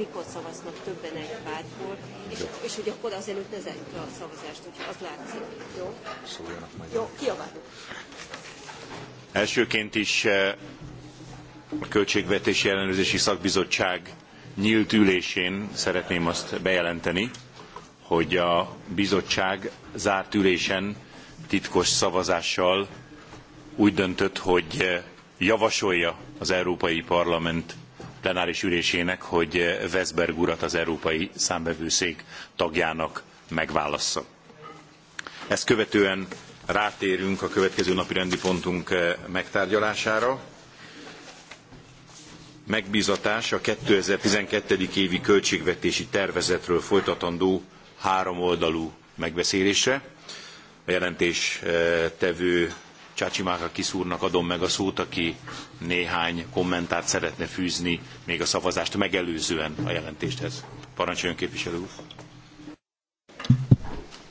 mikor szavaznak többen egy pártból, és, és hogy akkor az előtt ne zárjuk a szavazást, hogyha az látszik. Jó? Szóljanak majd. Jó, kiabáljuk. Elsőként is eh, a Költségvetési Ellenőrzési Szakbizottság nyílt ülésén szeretném azt bejelenteni, hogy a bizottság zárt ülésen titkos szavazással úgy döntött, hogy eh, javasolja az Európai Parlament plenáris ülésének, hogy eh, Veszberg urat az Európai Számbevőszék tagjának megválassza. Ezt követően rátérünk a következő napi rendi pontunk eh, megtárgyalására. Megbízatás a 2012. évi költségvetési tervezetről folytatandó háromoldalú megbeszélésre. A jelentés eh, tevő Csácsi Csácsimáka kiszúrnak adom meg a szót, aki néhány kommentárt szeretne fűzni még a szavazást megelőzően a jelentésthez. Parancsoljon képviselő úr!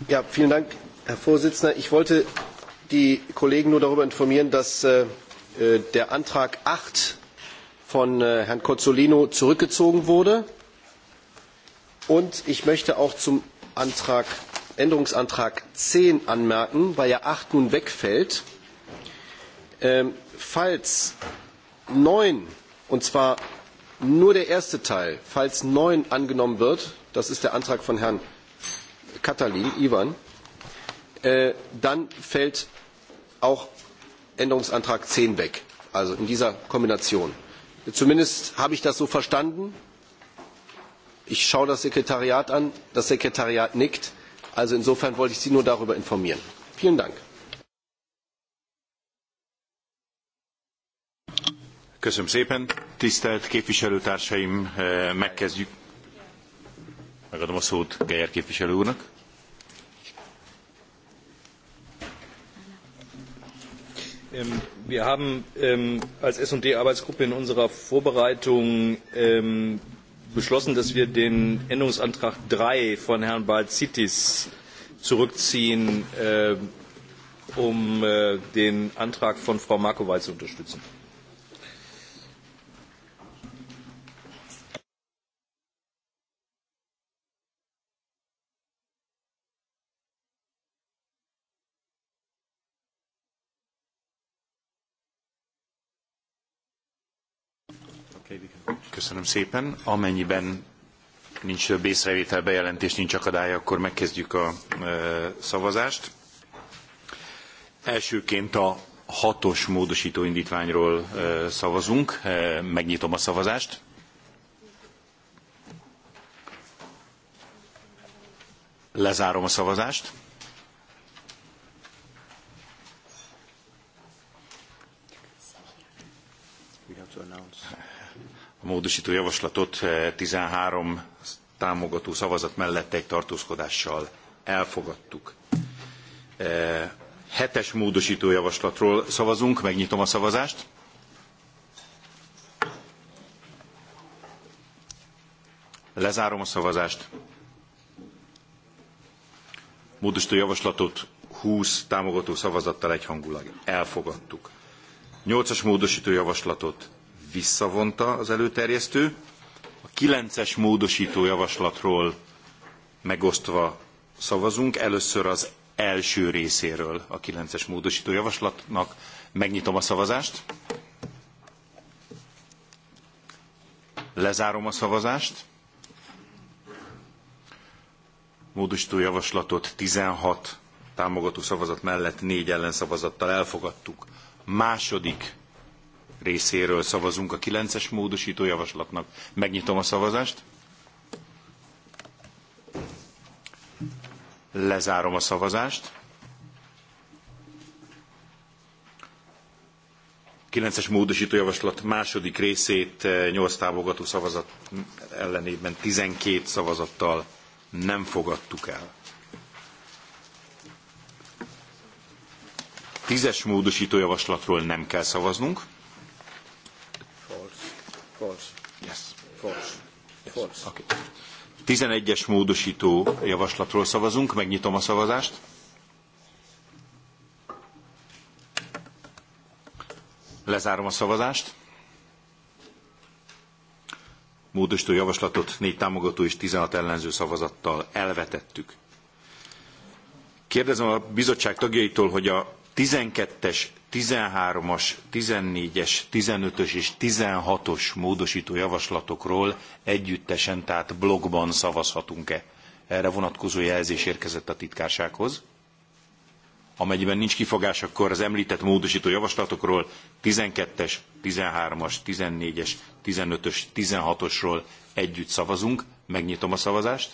Ja, vielen Dank, Herr Vorsitzender. Ich wollte die Kollegen nur darüber informieren, dass äh, der Antrag 8 von äh, Herrn Cozzolino zurückgezogen wurde. Und ich möchte auch zum Antrag, Änderungsantrag 10 anmerken, weil ja er 8 nun wegfällt. Ähm, falls neun und zwar nur der erste Teil, falls neun angenommen wird, das ist der Antrag von Herrn Katalin, Ivan, äh, dann fällt auch Änderungsantrag zehn weg, also in dieser Kombination. Zumindest habe ich das so verstanden. Ich schaue das Sekretariat an, das Sekretariat nickt. Also insofern wollte ich Sie nur darüber informieren. Vielen Dank. Köszönöm szépen. Tisztelt képviselőtársaim, eh, megkezdjük. Megadom a szót Geyer képviselő úrnak. Ähm, wir haben ähm, als S&D-Arbeitsgruppe in unserer Vorbereitung ähm, beschlossen, dass wir den Änderungsantrag 3 von Herrn Balzitis zurückziehen, äh, um äh, den Antrag von Frau Markowal zu unterstützen. Köszönöm szépen. Amennyiben nincs több észrevétel, bejelentés, nincs akadály, akkor megkezdjük a e, szavazást. Elsőként a hatos módosító indítványról e, szavazunk. E, megnyitom a szavazást. Lezárom a szavazást. a módosító javaslatot 13 eh, támogató szavazat mellett egy tartózkodással elfogadtuk. Eh, hetes módosító javaslatról szavazunk, megnyitom a szavazást. Lezárom a szavazást. Módosító javaslatot 20 támogató szavazattal egyhangulag elfogadtuk. Nyolcas módosító javaslatot visszavonta az előterjesztő. A kilences es módosító javaslatról megosztva szavazunk. Először az első részéről a kilences módosító javaslatnak. Megnyitom a szavazást. Lezárom a szavazást. Módosító javaslatot 16 támogató szavazat mellett 4 ellenszavazattal elfogadtuk. Második részéről szavazunk a 9-es módosító javaslatnak. Megnyitom a szavazást. Lezárom a szavazást. 9-es módosítójavaslat második részét 8 eh, támogató szavazat ellenében 12 szavazattal nem fogadtuk el. Tízes módosítójavaslatról nem kell szavaznunk. False. Yes. False. False. Okay. 11-es módosító javaslatról szavazunk, megnyitom a szavazást. Lezárom a szavazást. Módosító javaslatot négy támogató és 16 ellenző szavazattal elvetettük. Kérdezem a bizottság tagjaitól, hogy a 12-es 13-as, 14-es, 15-ös és 16-os módosító javaslatokról együttesen, tehát blogban szavazhatunk-e? Erre vonatkozó jelzés érkezett a titkársághoz. Amennyiben nincs kifogás, akkor az említett módosító javaslatokról 12-es, 13-as, 14-es, 15-ös, 16-osról együtt szavazunk. Megnyitom a szavazást.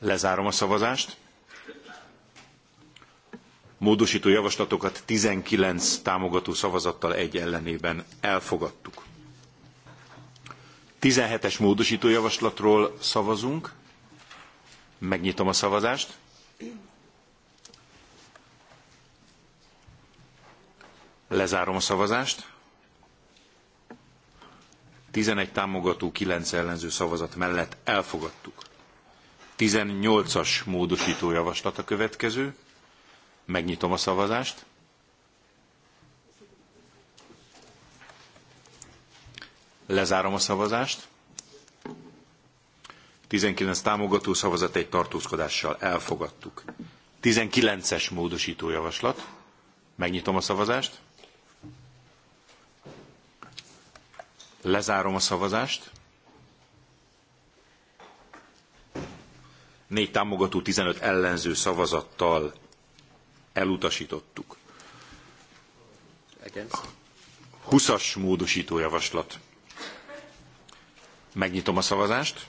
Lezárom a szavazást. Módosító javaslatokat 19 támogató szavazattal egy ellenében elfogadtuk. 17-es módosító javaslatról szavazunk. Megnyitom a szavazást. Lezárom a szavazást. 11 támogató, 9 ellenző szavazat mellett elfogadtuk. 18-as módosító javaslat a következő. Megnyitom a szavazást. Lezárom a szavazást. 19 támogató szavazat egy tartózkodással elfogadtuk. 19-es módosító javaslat. Megnyitom a szavazást. Lezárom a szavazást. Négy támogató 15 ellenző szavazattal elutasítottuk. 20-as módosító javaslat. Megnyitom a szavazást.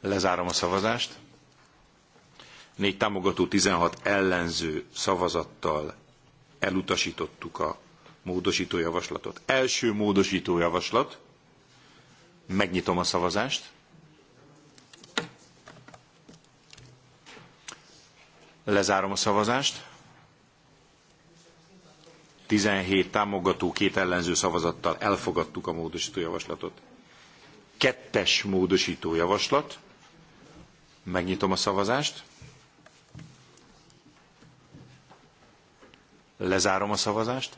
Lezárom a szavazást. Négy támogató 16 ellenző szavazattal elutasítottuk a módosító javaslatot. Első módosító javaslat. Megnyitom a szavazást. Lezárom a szavazást. 17 támogató, két ellenző szavazattal elfogadtuk a módosító javaslatot. Kettes módosító javaslat. Megnyitom a szavazást. Lezárom a szavazást.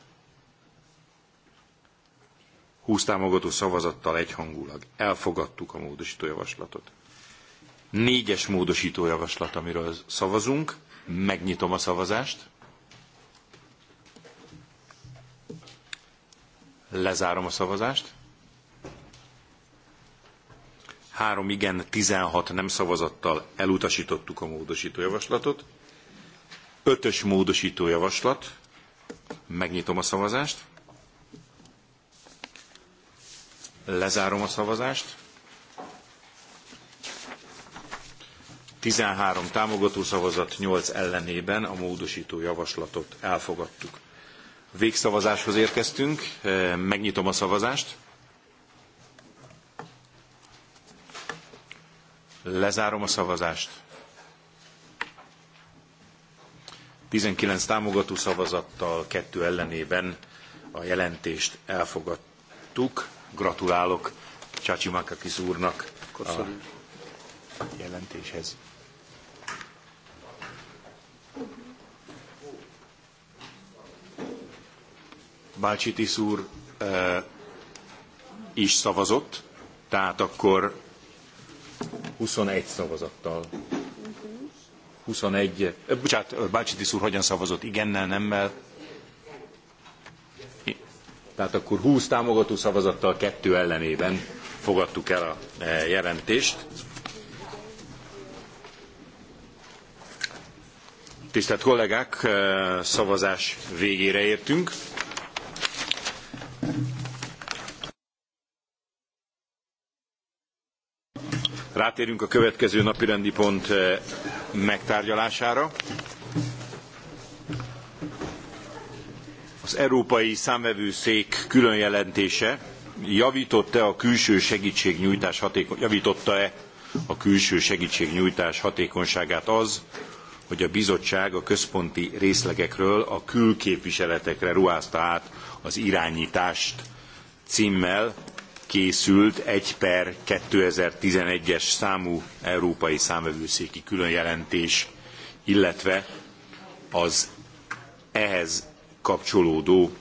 20 támogató szavazattal egyhangulag elfogadtuk a módosító javaslatot. Négyes módosító javaslat, amiről szavazunk. Megnyitom a szavazást. Lezárom a szavazást. Három igen, 16 nem szavazattal elutasítottuk a módosító javaslatot. Ötös módosító javaslat. Megnyitom a szavazást. Lezárom a szavazást. 13 támogató szavazat 8 ellenében a módosító javaslatot elfogadtuk. Végszavazáshoz érkeztünk, e, megnyitom a szavazást. Lezárom a szavazást. 19 támogató szavazattal, 2 ellenében a jelentést elfogadtuk. Gratulálok Csácsi Makakis úrnak Köszönöm. a jelentéshez. Bácsitis úr e, is szavazott, tehát akkor 21 szavazattal. 21, eh, bocsánat, Bácsitis úr hogyan szavazott? Igennel, nemmel? Tehát akkor 20 támogató szavazattal, kettő ellenében fogadtuk el a e, jelentést. Tisztelt kollégák, e, szavazás végére értünk. Rátérünk a következő napirendi pont e, megtárgyalására. Az Európai Számvevőszék külön jelentése javította a külső segítségnyújtás hatékony, javította-e a külső segítségnyújtás hatékonyságát az, hogy a bizottság a központi részlegekről a külképviseletekre ruházta át az irányítást címmel készült egy per 2011-es számú európai számvevőszéki különjelentés, illetve az ehhez kapcsolódó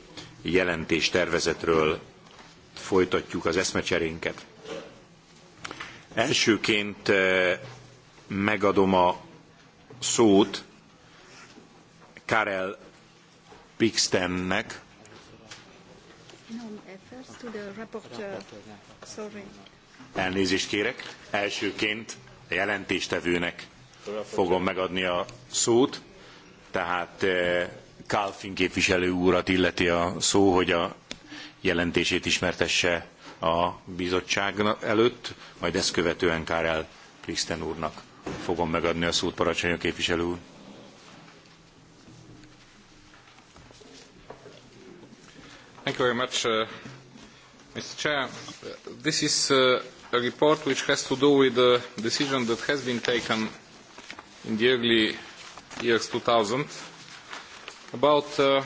jelentéstervezetről folytatjuk az eszmecserénket. Elsőként eh, megadom a szót Karel Pixtennek. Elnézést kérek. Elsőként a jelentéstevőnek fogom megadni a szót, tehát eh, Kalfin képviselő úrat illeti a szó, hogy a jelentését ismertesse a bizottság előtt, majd ezt követően Kárel Priszten úrnak fogom megadni a szót, Paracsony a képviselő úr. Thank you very much, uh, Mr. Chair. This is uh, a report which has to do with the decision that has been taken in the early years 2000 about uh,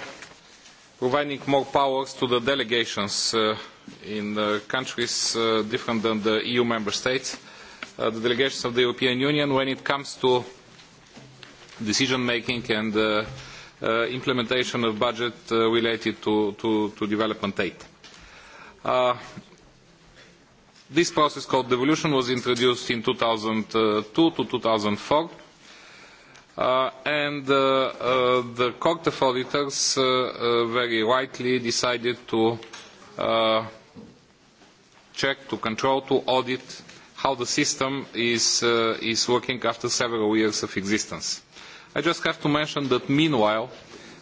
providing more powers to the delegations uh, in uh, countries uh, different than the EU member states, uh, the delegations of the European Union when it comes to decision making and uh, uh, implementation of budget uh, related to, to, to development aid. Uh, this process called devolution was introduced in 2002 to 2004 Uh, and uh, uh, the court auditors uh, uh, very rightly decided to uh, check, to control, to audit how the system is, uh, is working after several years of existence. I just have to mention that meanwhile,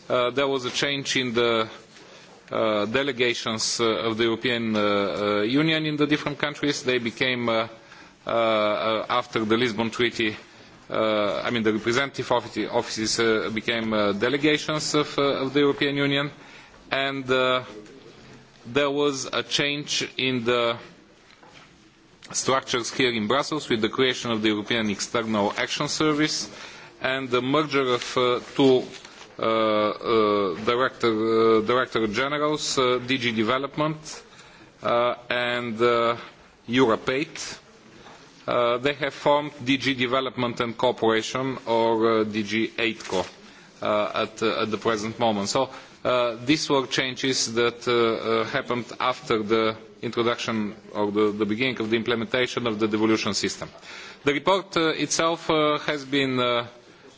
uh, there was a change in the uh, delegations uh, of the European uh, uh, Union in the different countries. They became, uh, uh, uh after the Lisbon Treaty, uh, I mean the representative offices uh, became uh, delegations of, uh, of the European Union and uh, there was a change in the structures here in Brussels with the creation of the European External Action Service and the merger of uh, two uh, uh, director, uh, director generals, uh, DG Development uh, and uh, Europe 8 Uh, they have formed DG Development and Cooperation or uh, DG AIDCO uh, at, uh, at the present moment. So uh, these were changes that uh, uh, happened after the introduction or the, the beginning of the implementation of the devolution system. The report uh, itself uh, has been uh,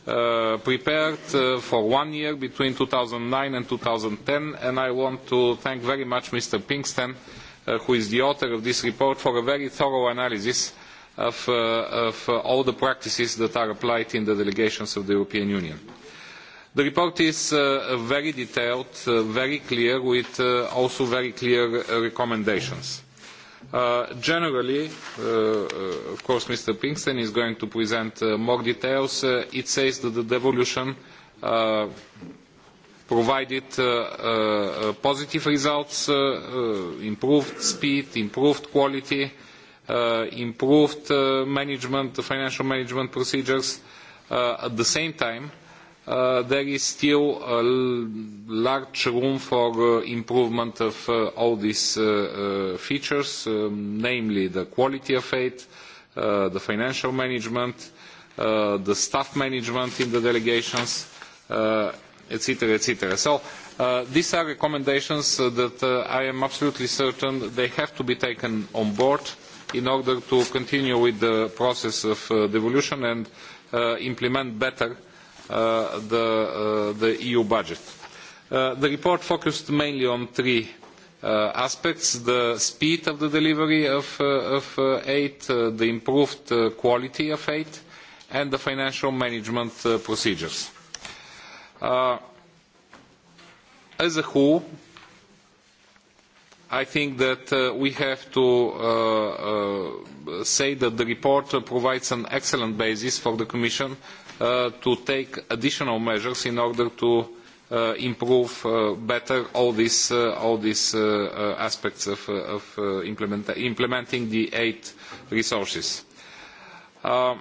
uh, prepared uh, for one year between 2009 and 2010 and I want to thank very much Mr. Pinkston uh, who is the author of this report for a very thorough analysis of, uh, of uh, all the practices that are applied in the delegations of the European Union. The report is uh, very detailed, uh, very clear, with uh, also very clear uh, recommendations. Uh, generally, uh, uh of course, Mr. Pinkston is going to present uh, more details. Uh, it says that the devolution uh, provided uh, uh, uh positive results, uh, uh, improved speed, improved quality, uh, uh, improved uh, management, financial management procedures. Uh, at the same time, uh, there is still a large room for uh, improvement of uh, all these uh, uh, features, um, namely the quality of aid, uh, the financial management, uh, the staff management in the delegations, uh, etc., etc. So uh, these are recommendations that uh, I am absolutely certain they have to be taken on board in order to continue with the process of uh, devolution and uh, implement better uh, the, uh, the EU budget. Uh, the report focused mainly on three uh, aspects, the speed of the delivery of, uh, of uh, aid, uh, the improved uh, quality of aid, and the financial management uh, procedures. Uh, as a whole, I think that uh, we have to uh, uh, say that the report uh, provides an excellent basis for the Commission uh, to take additional measures in order to uh, improve uh, better all these, uh, all these uh, uh, aspects of, uh, of uh, implement implementing the eight resources. Uh,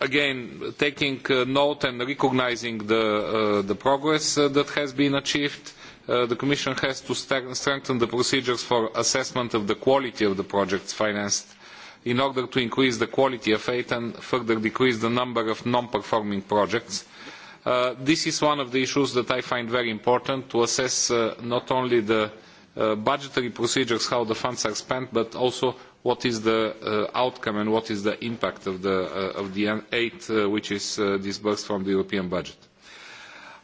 again, taking uh, note and recognizing the, uh, the progress uh, that has been achieved, Uh, the Commission has to strengthen the procedures for assessment of the quality of the projects financed in order to increase the quality of aid and further decrease the number of non-performing projects. Uh, this is one of the issues that I find very important to assess uh, not only the uh, budgetary procedures, how the funds are spent, but also what is the uh, outcome and what is the impact of the, of the aid which is disbursed from the European budget.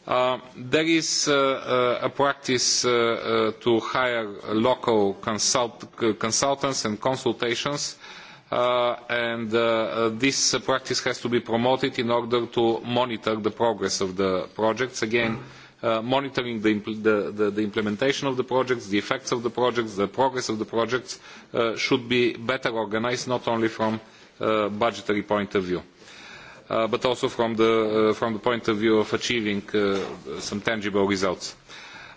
Uh, there is uh, uh a practice uh, to hire local consult consultants and consultations, and this practice has to be promoted in order to monitor the progress of the projects. Again, monitoring the, impl the, the, the, implementation of the projects, the effects of the projects, the progress of the projects should be better organised, not only from a budgetary point of view uh, but also from the, uh, from the point of view of achieving uh, some tangible results.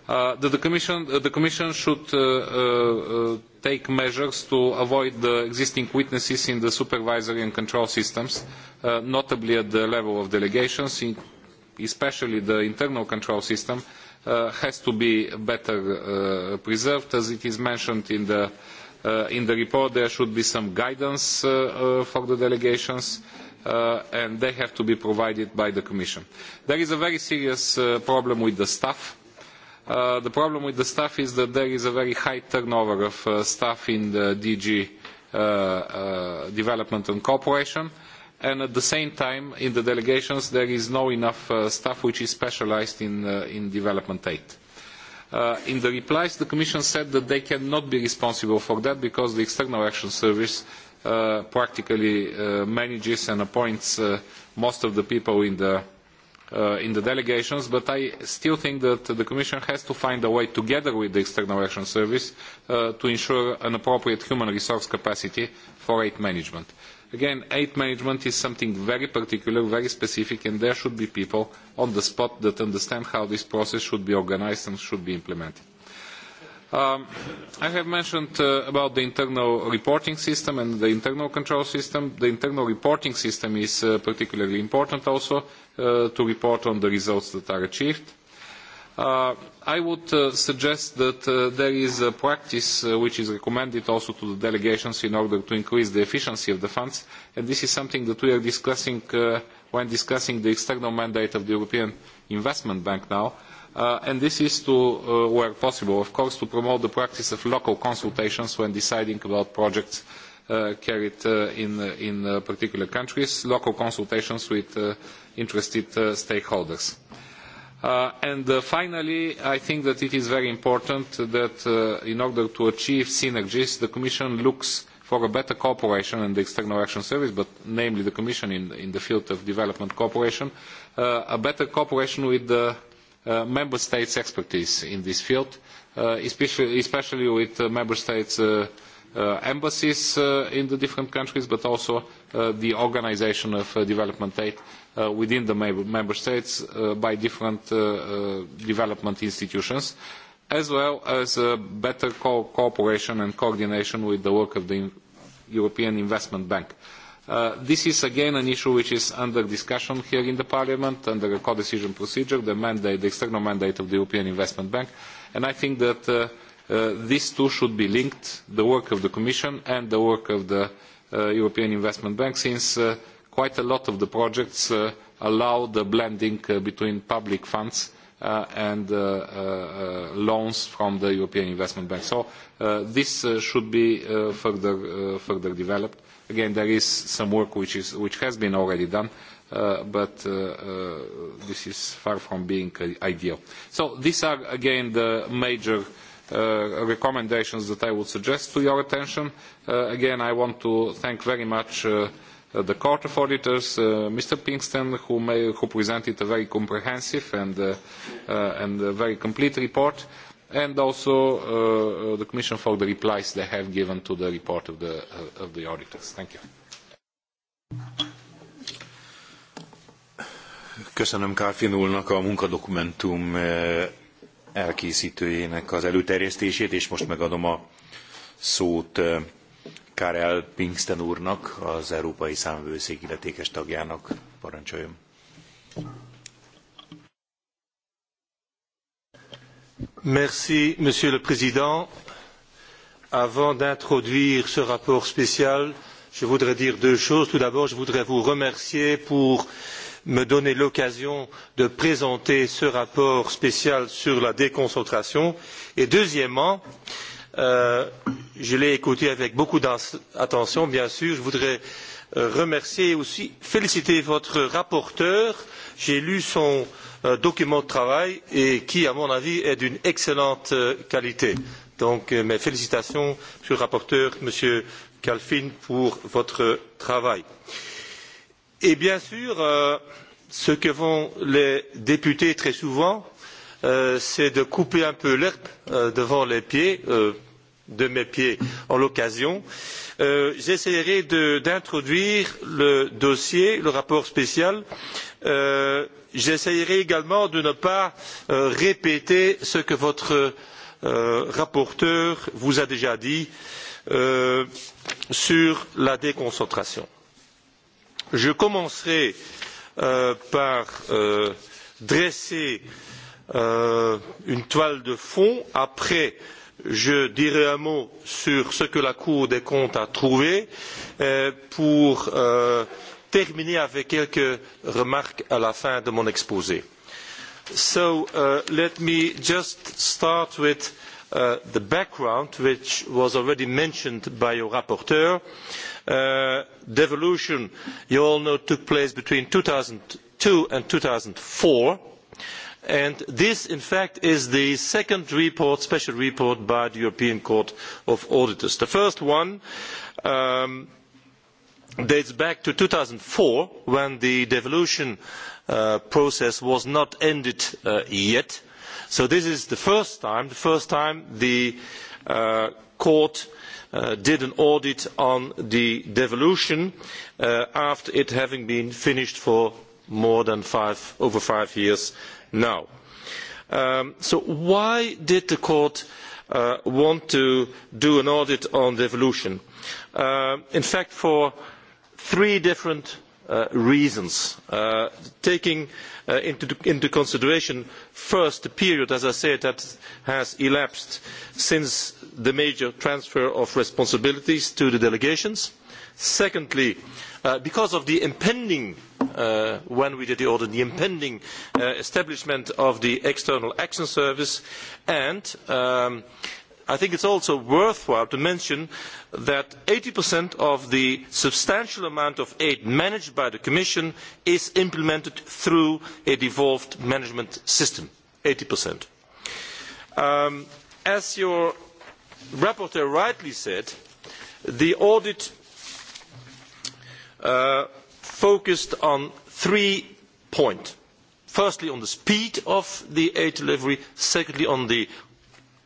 Uh, the, the, commission, uh, the Commission should uh, uh, take measures to avoid the existing weaknesses in the supervisory and control systems, uh, notably at the level of delegations, in, especially the internal control system, uh, has to be better uh, preserved. As it is mentioned in the, uh, in the report, there should be some guidance uh, uh, for the delegations. Uh, uh, and they have to be provided by the Commission. There is a very serious uh, problem with the staff. Uh, the problem with the staff is that there is a very high turnover of uh, staff in the DG uh, uh, Development and Cooperation, and at the same time, in the delegations, there is no enough uh, staff which is specialized in, uh, in development aid. Uh, in the replies, the Commission said that they cannot be responsible for that because the External Action Service uh, practically uh, manages and appoints uh, most of the people in the, uh, in the delegations, but I still think that the Commission has to find a way, together with the External Action Service, uh, to ensure an appropriate human resource capacity for aid management. Again, aid management is something very particular, very specific, and there should be people on the spot that understand how this process should be organized and should be implemented. Um, I have mentioned uh, about the internal reporting system and the internal control system. The internal reporting system is uh, particularly important also uh, to report on the results that are achieved. Uh, I would uh, suggest that uh, there is a practice uh, which is recommended also to the delegations in order to increase the efficiency of the funds, and this is something that we are discussing uh, when discussing the external mandate of the European Investment Bank now, uh, and this is to, uh, where possible, of course, to promote the practice of local consultations when deciding about projects uh, carried uh, in, uh, in uh, particular countries, local consultations with uh, interested uh, stakeholders. Uh, and uh, finally, I think that it is very important that uh, in order to achieve synergies, the Commission looks for a better cooperation in the External Action Service, but namely the Commission in, in the field of development cooperation, uh, a better cooperation with the uh, Member States' expertise in this field, uh, especially, especially with uh, Member States' uh, uh, embassies uh, in the different countries, but also uh, the organization of uh, development aid uh, within the member states uh, by different uh, uh, development institutions. Uh, as well as uh, better co cooperation and coordination with the work of the European Investment Bank. Uh, this is again an issue which is under discussion here in the Parliament under a co-decision procedure, the, mandate, the external mandate of the European Investment Bank, and I think that uh, uh, these two should be linked, the work of the Commission and the work of the uh, European Investment Bank, since uh, quite a lot of the projects uh, allow the blending uh, between public funds uh, and uh, uh, loans from the European Investment Bank. So uh, this uh, should be uh, further, uh, further developed. Again, there is some work which, is, which has been already done, uh, but uh, uh, this is far from being ideal. So these are, again, the major uh, recommendations that I would suggest to your attention. Uh, again, I want to thank very much uh, Uh, the Court of Auditors, uh, Mr. Pinkston, who, may, who presented a very comprehensive and, uh, uh, and a very complete report, and also uh, uh, the Commission for the replies they have given to the report of the, uh, of the auditors. Thank you. Köszönöm Kárfin úrnak a munkadokumentum uh, elkészítőjének az előterjesztését, és most megadom a szót Karel Pinkston úrnak, az Európai Számvőszék illetékes tagjának. Parancsoljon. Merci, Monsieur le Président. Avant d'introduire ce rapport spécial, je voudrais dire deux choses. Tout d'abord, je voudrais vous remercier pour me donner l'occasion de présenter ce rapport spécial sur la déconcentration. Et deuxièmement, euh, Euh, je l'ai écouté avec beaucoup d'attention, bien sûr. Je voudrais euh, remercier et aussi, féliciter votre rapporteur. J'ai lu son euh, document de travail et qui, à mon avis, est d'une excellente euh, qualité. Donc, euh, mes félicitations, Monsieur le rapporteur, Monsieur Kalfin, pour votre travail. Et bien sûr, ce que font les députés très souvent, c'est de couper un peu l'herbe devant les pieds de mes pieds en l'occasion. Euh, J'essaierai d'introduire le dossier, le rapport spécial. Euh, J'essaierai également de ne pas euh, répéter ce que votre euh, rapporteur vous a déjà dit euh, sur la déconcentration. Je commencerai euh, par dresser une toile de fond après euh, je dirai un mot sur ce que la Cour des comptes a trouvé euh, pour euh, terminer avec quelques remarques à la fin de mon exposé. So uh, let me just start with uh, the background which was already mentioned by your rapporteur. Uh, devolution, you all know, took place between two thousand two and two thousand four. And this, in fact, is the second report, special report by the European Court of Auditors. The first one um, dates back to two thousand four, when the devolution uh, process was not ended uh, yet. So this is the first time, the first time the uh, court uh, did an audit on the devolution uh, after it having been finished for more than five, over five years now. Um, so why did the court uh, want to do an audit on devolution? Uh, in fact, for three different uh, reasons, uh, taking uh, into, into, consideration first the period, as I said, that has elapsed since the major transfer of responsibilities to the delegations. Uh, Secondly, uh, because of the impending, uh, when we did the audit, the impending uh, establishment of the External Action Service, and um, I think it is also worthwhile to mention that 80% of the substantial amount of aid managed by the Commission is implemented through a devolved management system. 80%. Um, as your rapporteur rightly said, the audit Uh, focused on three points. Firstly, on the speed of the aid delivery, secondly, on the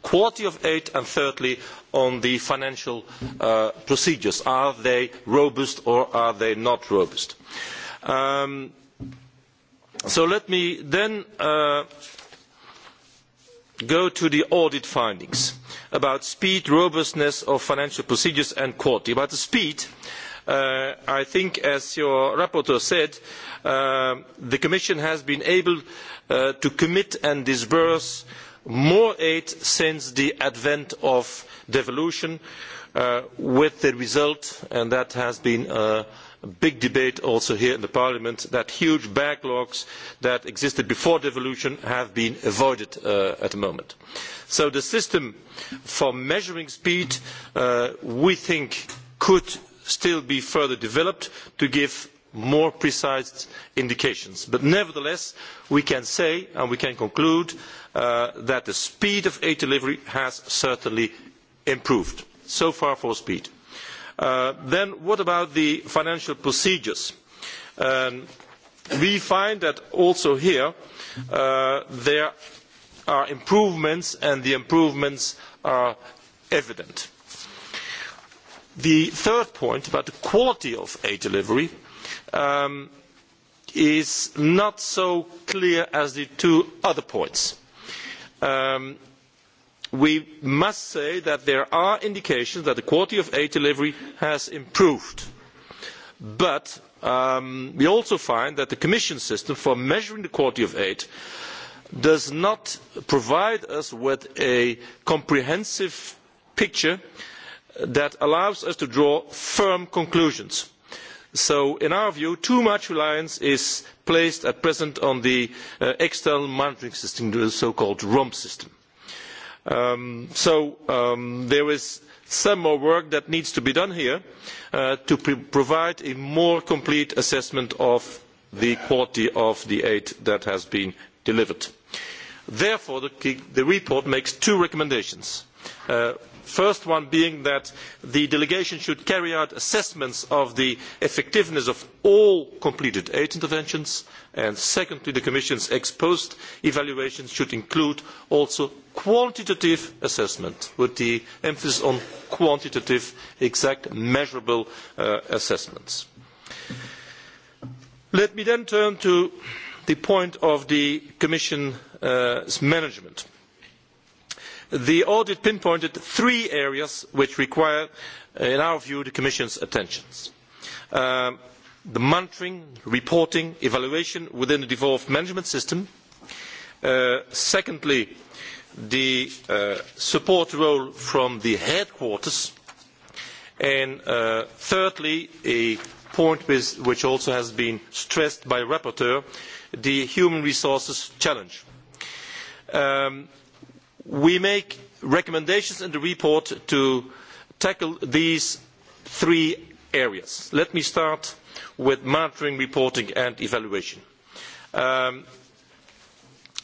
quality of aid, and thirdly, on the financial uh, procedures. Are they robust or are they not robust? Um, so let me then uh, go to the audit findings about speed, robustness of financial procedures and quality. About the speed, uh, Uh, I think, as your rapporteur said, uh, the Commission has been able uh, to commit and disburse more aid since the advent of devolution, uh, with the result, and that has been a big debate also here in Parliament, that huge backlogs that existed before devolution have been avoided uh, at the moment. So the system for measuring speed, uh, we think, could still be further developed to give more precise indications. But nevertheless, we can say and we can conclude uh, that the speed of aid delivery has certainly improved. So far for speed. Uh, then what about the financial procedures? Um, we find that also here uh, there are improvements and the improvements are evident. The third point about the quality of aid delivery um, is not so clear as the two other points. Um, we must say that there are indications that the quality of aid delivery has improved. But um, we also find that the Commission system for measuring the quality of aid does not provide us with a comprehensive picture that allows us to draw firm conclusions. So, in our view, too much reliance is placed at present on the uh, external monitoring system, the so-called ROM system. Um, so, um, there is some more work that needs to be done here uh, to provide a more complete assessment of the quality of the aid that has been delivered. Therefore, the, the report makes two recommendations. Uh, first one being that the delegation should carry out assessments of the effectiveness of all completed aid interventions and secondly the commission's ex post evaluation should include also quantitative assessment with the emphasis on quantitative exact measurable uh, assessments. let me then turn to the point of the commission's uh, management the audit pinpointed three areas which require, uh, in our view, the Commission's attention. Um, the monitoring, reporting, evaluation within the devolved management system. Uh, secondly, the uh, support role from the headquarters. And uh, thirdly, a point which also has been stressed by the rapporteur, the human resources challenge. Um, we make recommendations in the report to tackle these three areas. Let me start with monitoring, reporting and evaluation. Um,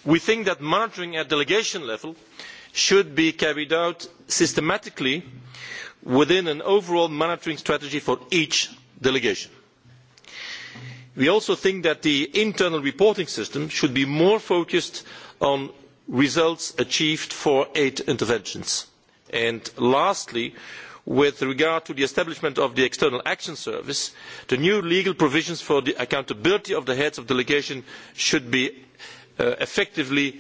we think that monitoring at delegation level should be carried out systematically within an overall monitoring strategy for each delegation. We also think that the internal reporting system should be more focused on results achieved for eight interventions. And lastly, with regard to the establishment of the External Action Service, the new legal provisions for the accountability of the heads of delegation should be uh, effectively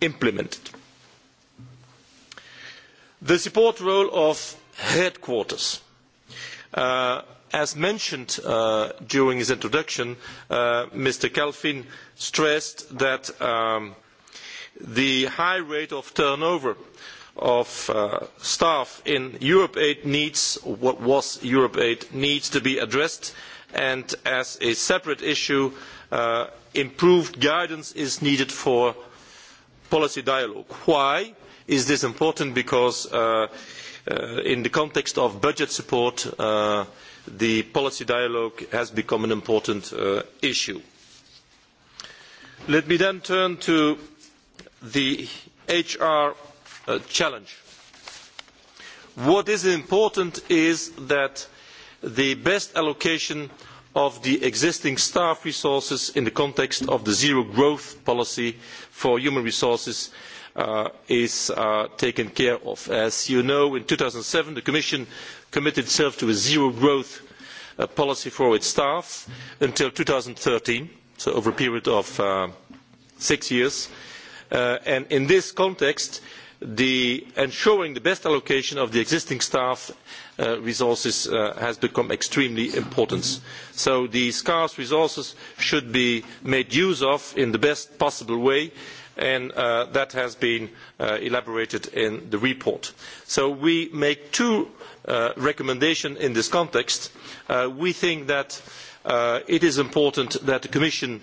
implemented. The support role of headquarters. Uh, as mentioned uh, during his introduction, uh, Mr. Kalfin stressed that um, the high rate of turnover of uh, staff in Europe Aid needs what was Europe Aid needs to be addressed and as a separate issue uh, improved guidance is needed for policy dialogue. Why is this important? Because uh, uh in the context of budget support uh, the policy dialogue has become an important uh, issue. Let me then turn to the HR uh, challenge. What is important is that the best allocation of the existing staff resources in the context of the zero growth policy for human resources uh, is uh, taken care of. As you know, in two thousand seven the Commission committed itself to a zero growth uh, policy for its staff until thirteen, so over a period of uh, six years. Uh, Uh, and in this context, the ensuring the best allocation of the existing staff uh, resources uh, has become extremely important. So the scarce resources should be made use of in the best possible way and uh, that has been uh, elaborated in the report. So we make two uh, recommendations in this context. we think that it is important that the Commission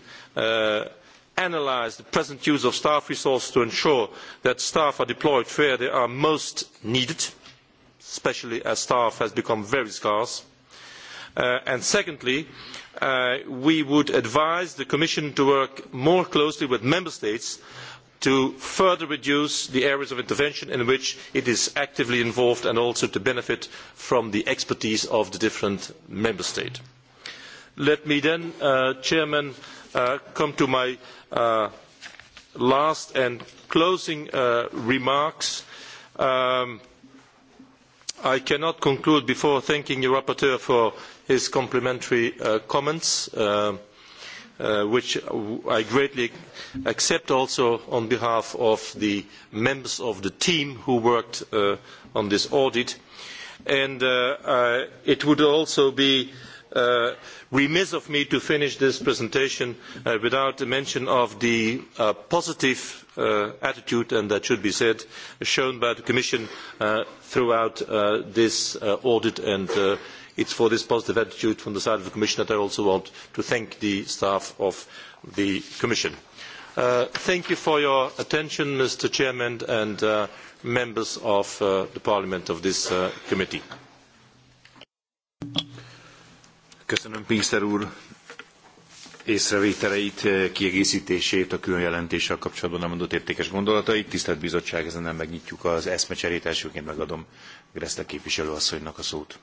analyse the present use of staff resources to ensure that staff are deployed where they are most needed, especially as staff has become very scarce. Uh, and secondly, uh, we would advise the Commission to work more closely with Member States to further reduce the areas of intervention in which it is actively involved and also to benefit from the expertise of the different Member States. Let me then, uh, Chairman, Uh, come to my uh, last and closing uh, remarks. Um, I cannot conclude before thanking the rapporteur for his complimentary uh, comments, uh, uh, which I greatly accept also on behalf of the members of the team who worked uh, on this audit. And uh, it would also be Uh, remiss of me to finish this presentation uh, without a mention of the uh, positive uh, attitude, and that should be said, shown by the Commission uh, throughout uh, this uh, audit, and uh, it's for this positive attitude from the side of the Commission that I also want to thank the staff of the Commission. Uh, thank you for your attention, Mr. Chairman, and uh, members of uh, the Parliament of this uh, committee. Köszönöm Pinszer úr észrevételeit, eh, kiegészítését, a külön jelentéssel kapcsolatban nem mondott értékes gondolatait. Tisztelt Bizottság, ezen nem megnyitjuk az eszmecserét, elsőként megadom Greszle képviselőasszonynak a szót.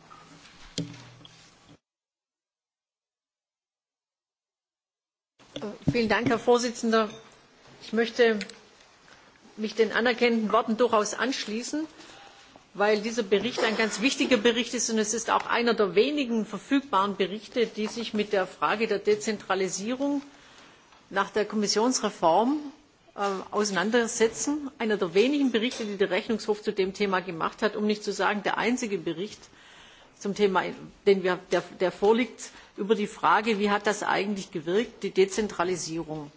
Vielen Dank, Herr Vorsitzender. Ich möchte mich den anerkennenden Worten durchaus anschließen weil dieser Bericht ein ganz wichtiger Bericht ist und es ist auch einer der wenigen verfügbaren Berichte, die sich mit der Frage der Dezentralisierung nach der Kommissionsreform äh, auseinandersetzen. Einer der wenigen Berichte, die der Rechnungshof zu dem Thema gemacht hat, um nicht zu sagen der einzige Bericht zum Thema, den wir, der, der vorliegt, über die Frage, wie hat das eigentlich gewirkt, die Dezentralisierung.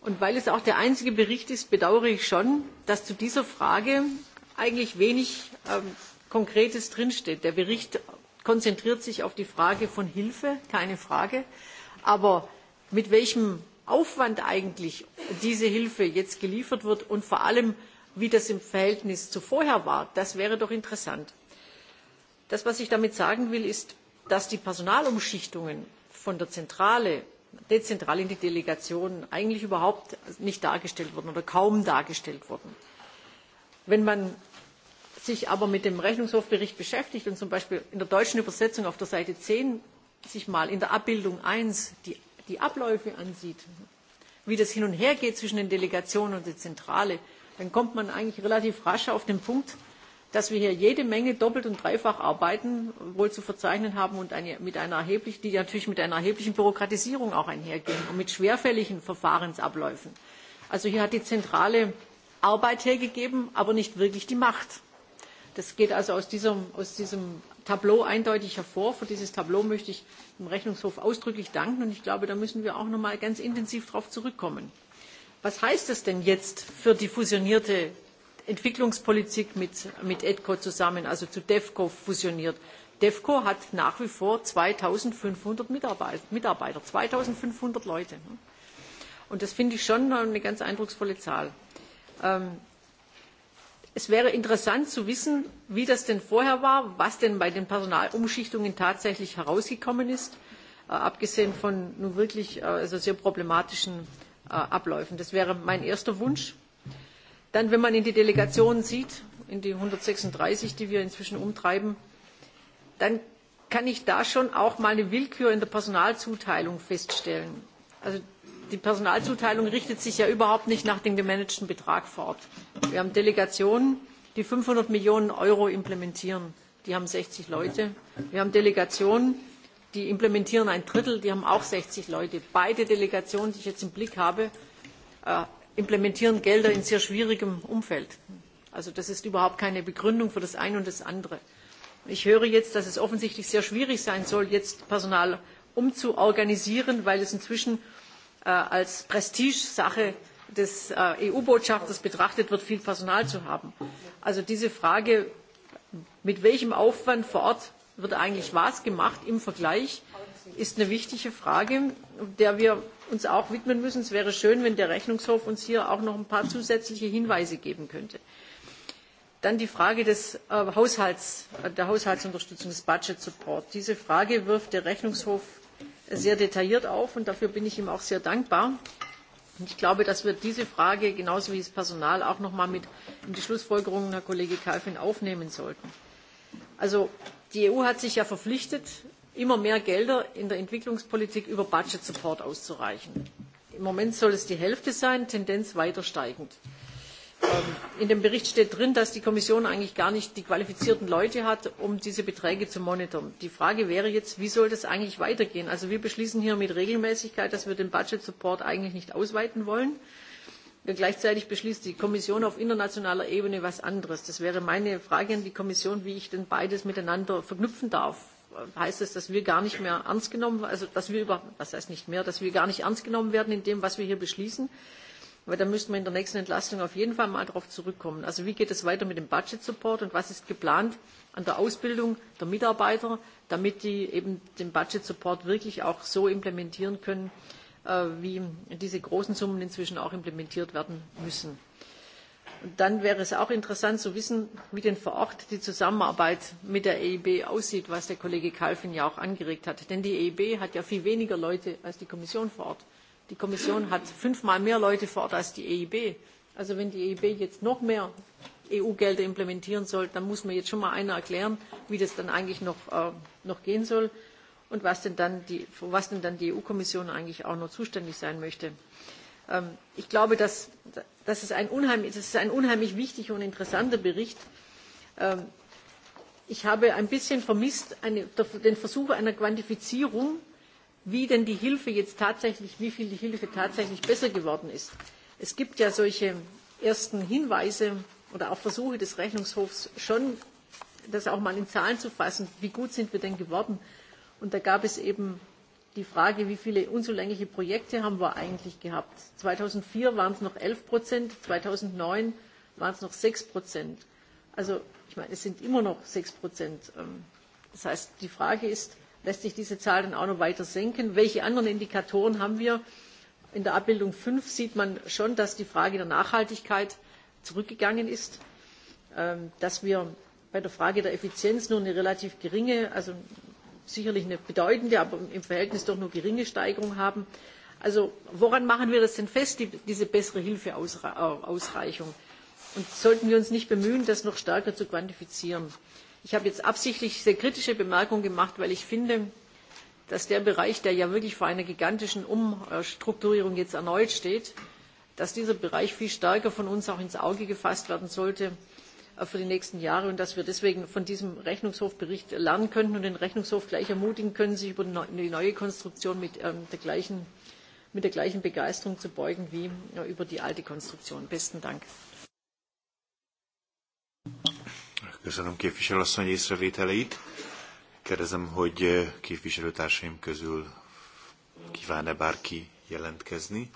Und weil es auch der einzige Bericht ist, bedauere ich schon, dass zu dieser Frage eigentlich wenig ähm, Konkretes drinsteht. Der Bericht konzentriert sich auf die Frage von Hilfe, keine Frage. Aber mit welchem Aufwand eigentlich diese Hilfe jetzt geliefert wird und vor allem, wie das im Verhältnis zu vorher war, das wäre doch interessant. Das, was ich damit sagen will, ist, dass die Personalumschichtungen von der Zentrale dezentral in die Delegation eigentlich überhaupt nicht dargestellt wurden oder kaum dargestellt wurden. Wenn man sich aber mit dem Rechnungshofbericht beschäftigt und zum Beispiel in der deutschen Übersetzung auf der Seite 10 sich mal in der Abbildung 1 die, die Abläufe ansieht, wie das hin und her geht zwischen den Delegationen und der Zentrale, dann kommt man eigentlich relativ rasch auf den Punkt, dass wir hier jede Menge doppelt und dreifach arbeiten wohl zu verzeichnen haben und eine, mit einer erheblichen, die natürlich mit einer erheblichen Bürokratisierung auch einhergehen und mit schwerfälligen Verfahrensabläufen. Also hier hat die Zentrale Arbeit hergegeben, aber nicht wirklich die Macht. Das geht also aus diesem, aus diesem Tableau eindeutig hervor. Für dieses Tableau möchte ich dem Rechnungshof ausdrücklich danken und ich glaube, da müssen wir auch noch mal ganz intensiv darauf zurückkommen. Was heißt das denn jetzt für die fusionierte Entwicklungspolitik mit, mit EDCO zusammen, also zu DEFCO fusioniert? DEFCO hat nach wie vor 2500 Mitarbeiter, Mitarbeiter 2500 Leute. Und das finde ich schon eine ganz eindrucksvolle Zahl. Ähm, es wäre interessant zu wissen, wie das denn vorher war, was denn bei den Personalumschichtungen tatsächlich herausgekommen ist, äh, abgesehen von nun wirklich äh, also sehr problematischen äh, Abläufen. Das wäre mein erster Wunsch. Dann, wenn man in die Delegationen sieht, in die 136, die wir inzwischen umtreiben, dann kann ich da schon auch mal eine Willkür in der Personalzuteilung feststellen. Also die Personalzuteilung richtet sich ja überhaupt nicht nach dem gemanagten Betrag fort. Wir haben Delegationen, die 500 Millionen Euro implementieren. Die haben 60 Leute. Wir haben Delegationen, die implementieren ein Drittel, die haben auch 60 Leute. Beide Delegationen, die ich jetzt im Blick habe, äh, implementieren Gelder in sehr schwierigem Umfeld. Also das ist überhaupt keine Begründung für das eine und das andere. Ich höre jetzt, dass es offensichtlich sehr schwierig sein soll, jetzt Personal umzuorganisieren, weil es inzwischen Äh, als Prestigesache des äh, EU-Botschafters betrachtet wird, viel Personal zu haben. Also diese Frage, mit welchem Aufwand vor Ort wird eigentlich was gemacht im Vergleich, ist eine wichtige Frage, der wir uns auch widmen müssen. Es wäre schön, wenn der Rechnungshof uns hier auch noch ein paar zusätzliche Hinweise geben könnte. Dann die Frage des, äh, Haushalts, der Haushaltsunterstützung, des Budget Support. Diese Frage wirft der Rechnungshof sehr detailliert auf und dafür bin ich ihm auch sehr dankbar. Und ich glaube, dass wir diese Frage genauso wie das Personal auch noch mal mit in die Schlussfolgerungen, Herr Kollege Kalfin, aufnehmen sollten. Also die EU hat sich ja verpflichtet, immer mehr Gelder in der Entwicklungspolitik über Budget Support auszureichen. Im Moment soll es die Hälfte sein, Tendenz weiter steigend. Ähm, in dem Bericht steht drin, dass die Kommission eigentlich gar nicht die qualifizierten Leute hat, um diese Beträge zu monitoren. Die Frage wäre jetzt, wie soll das eigentlich weitergehen? Also wir beschließen hier mit Regelmäßigkeit, dass wir den Budget Support eigentlich nicht ausweiten wollen. Und gleichzeitig beschließt die Kommission auf internationaler Ebene was anderes. Das wäre meine Frage an die Kommission, wie ich denn beides miteinander verknüpfen darf. Heißt das, dass wir gar nicht mehr ernst genommen, also dass wir über, was heißt nicht mehr, dass wir gar nicht ernst genommen werden in dem, was wir hier beschließen? Aber da müssen wir in der nächsten Entlastung auf jeden Fall mal darauf zurückkommen. Also wie geht es weiter mit dem Budget Support und was ist geplant an der Ausbildung der Mitarbeiter, damit die eben den Budget Support wirklich auch so implementieren können, äh, wie diese großen Summen inzwischen auch implementiert werden müssen. Und dann wäre es auch interessant zu wissen, wie denn vor Ort die Zusammenarbeit mit der EIB aussieht, was der Kollege Kalfin ja auch angeregt hat. Denn die EIB hat ja viel weniger Leute als die Kommission vor Ort. Die Kommission hat fünfmal mehr Leute vor Ort als die EIB. Also wenn die EIB jetzt noch mehr EU-Gelder implementieren soll, dann muss mir jetzt schon mal einer erklären, wie das dann eigentlich noch, äh, noch gehen soll und was denn dann die, für was denn dann die EU-Kommission eigentlich auch noch zuständig sein möchte. Ähm, ich glaube, dass, dass es ein unheimlich, das ist ein unheimlich wichtiger und interessanter Bericht. Ähm, ich habe ein bisschen vermisst eine, den Versuch einer Quantifizierung wie denn die Hilfe jetzt tatsächlich, wie viel die Hilfe tatsächlich besser geworden ist. Es gibt ja solche ersten Hinweise oder auch Versuche des Rechnungshofs schon, das auch mal in Zahlen zu fassen, wie gut sind wir denn geworden. Und da gab es eben die Frage, wie viele unzulängliche Projekte haben wir eigentlich gehabt. 2004 waren es noch 11 Prozent, 2009 waren es noch 6 Prozent. Also ich meine, es sind immer noch 6 Prozent. Ähm, das heißt, die Frage ist, lässt sich diese Zahl dann auch noch weiter senken. Welche anderen Indikatoren haben wir? In der Abbildung 5 sieht man schon, dass die Frage der Nachhaltigkeit zurückgegangen ist, ähm, dass wir bei der Frage der Effizienz nur eine relativ geringe, also sicherlich eine bedeutende, aber im Verhältnis doch nur geringe Steigerung haben. Also woran machen wir das denn fest, die, diese bessere Hilfeausreichung? Äh, Und sollten wir uns nicht bemühen, das noch stärker zu quantifizieren? Ich habe jetzt absichtlich sehr kritische Bemerkungen gemacht, weil ich finde, dass der Bereich, der ja wirklich vor einer gigantischen Umstrukturierung jetzt erneut steht, dass dieser Bereich viel stärker von uns auch ins Auge gefasst werden sollte äh, für die nächsten Jahre und dass wir deswegen von diesem Rechnungshofbericht lernen könnten und den Rechnungshof gleich ermutigen können, sich über die neue Konstruktion mit, ähm, der, gleichen, mit der gleichen Begeisterung zu beugen wie äh, über die alte Konstruktion. Besten Dank. Köszönöm képviselőasszony észrevételeit. Kérdezem, hogy eh, képviselőtársaim közül kíván-e bárki jelentkezni.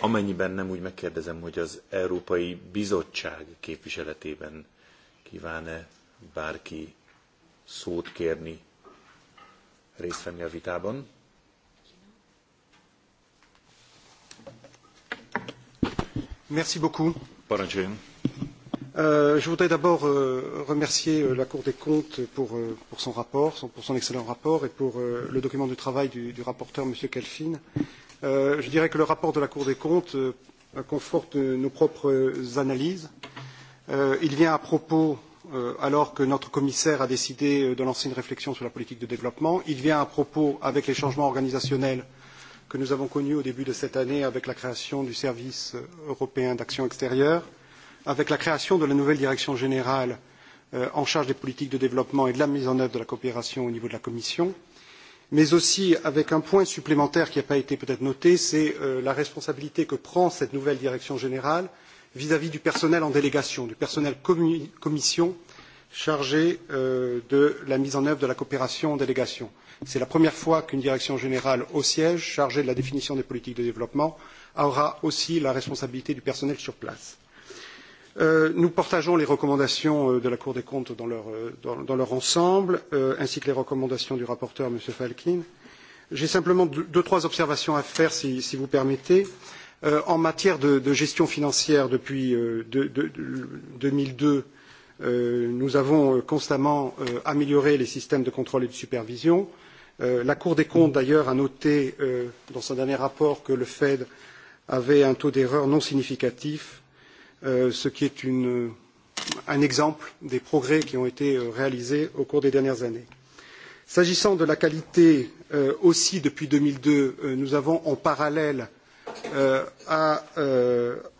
Amennyiben nem, úgy megkérdezem, hogy az Európai Bizottság képviseletében kíván-e bárki szót kérni, részt venni a vitában. Merci beaucoup. Parancsoljon. Euh, je voudrais d'abord euh, remercier euh, la Cour des comptes pour, euh, pour son rapport, son, pour son excellent rapport et pour euh, le document du travail du, du rapporteur, M. Kelfin. Euh, je dirais que le rapport de la Cour des comptes euh, conforte nos propres analyses. Euh, il vient à propos, euh, alors que notre commissaire a décidé euh, de lancer une réflexion sur la politique de développement, il vient à propos avec les changements organisationnels que nous avons connus au début de cette année avec la création du service euh, européen d'action extérieure avec la création de la nouvelle direction générale euh, en charge des politiques de développement et de la mise en œuvre de la coopération au niveau de la Commission, mais aussi avec un point supplémentaire qui n'a pas été peut-être noté, c'est euh, la responsabilité que prend cette nouvelle direction générale vis-à-vis -vis du personnel en délégation, du personnel commission chargé euh, de la mise en œuvre de la coopération en délégation. C'est la première fois qu'une direction générale au siège, chargée de la définition des politiques de développement, aura aussi la responsabilité du personnel sur place. Euh, nous partageons les recommandations euh, de la Cour des comptes dans leur, euh, dans, dans leur ensemble, ainsi que les recommandations du rapporteur, M. Falkin. J'ai simplement deux, deux, trois observations à faire, si, si vous permettez. Euh, en matière de, de, gestion financière, depuis euh, de, de, 2002, euh, nous avons constamment amélioré les systèmes de contrôle et de supervision. la Cour des comptes, d'ailleurs, a noté dans son dernier rapport que le Fed avait un taux d'erreur non significatif Euh, ce qui est une, un exemple des progrès qui ont été euh, réalisés au cours des dernières années. S'agissant de la qualité euh, aussi depuis deux mille deux, euh, nous avons en parallèle à,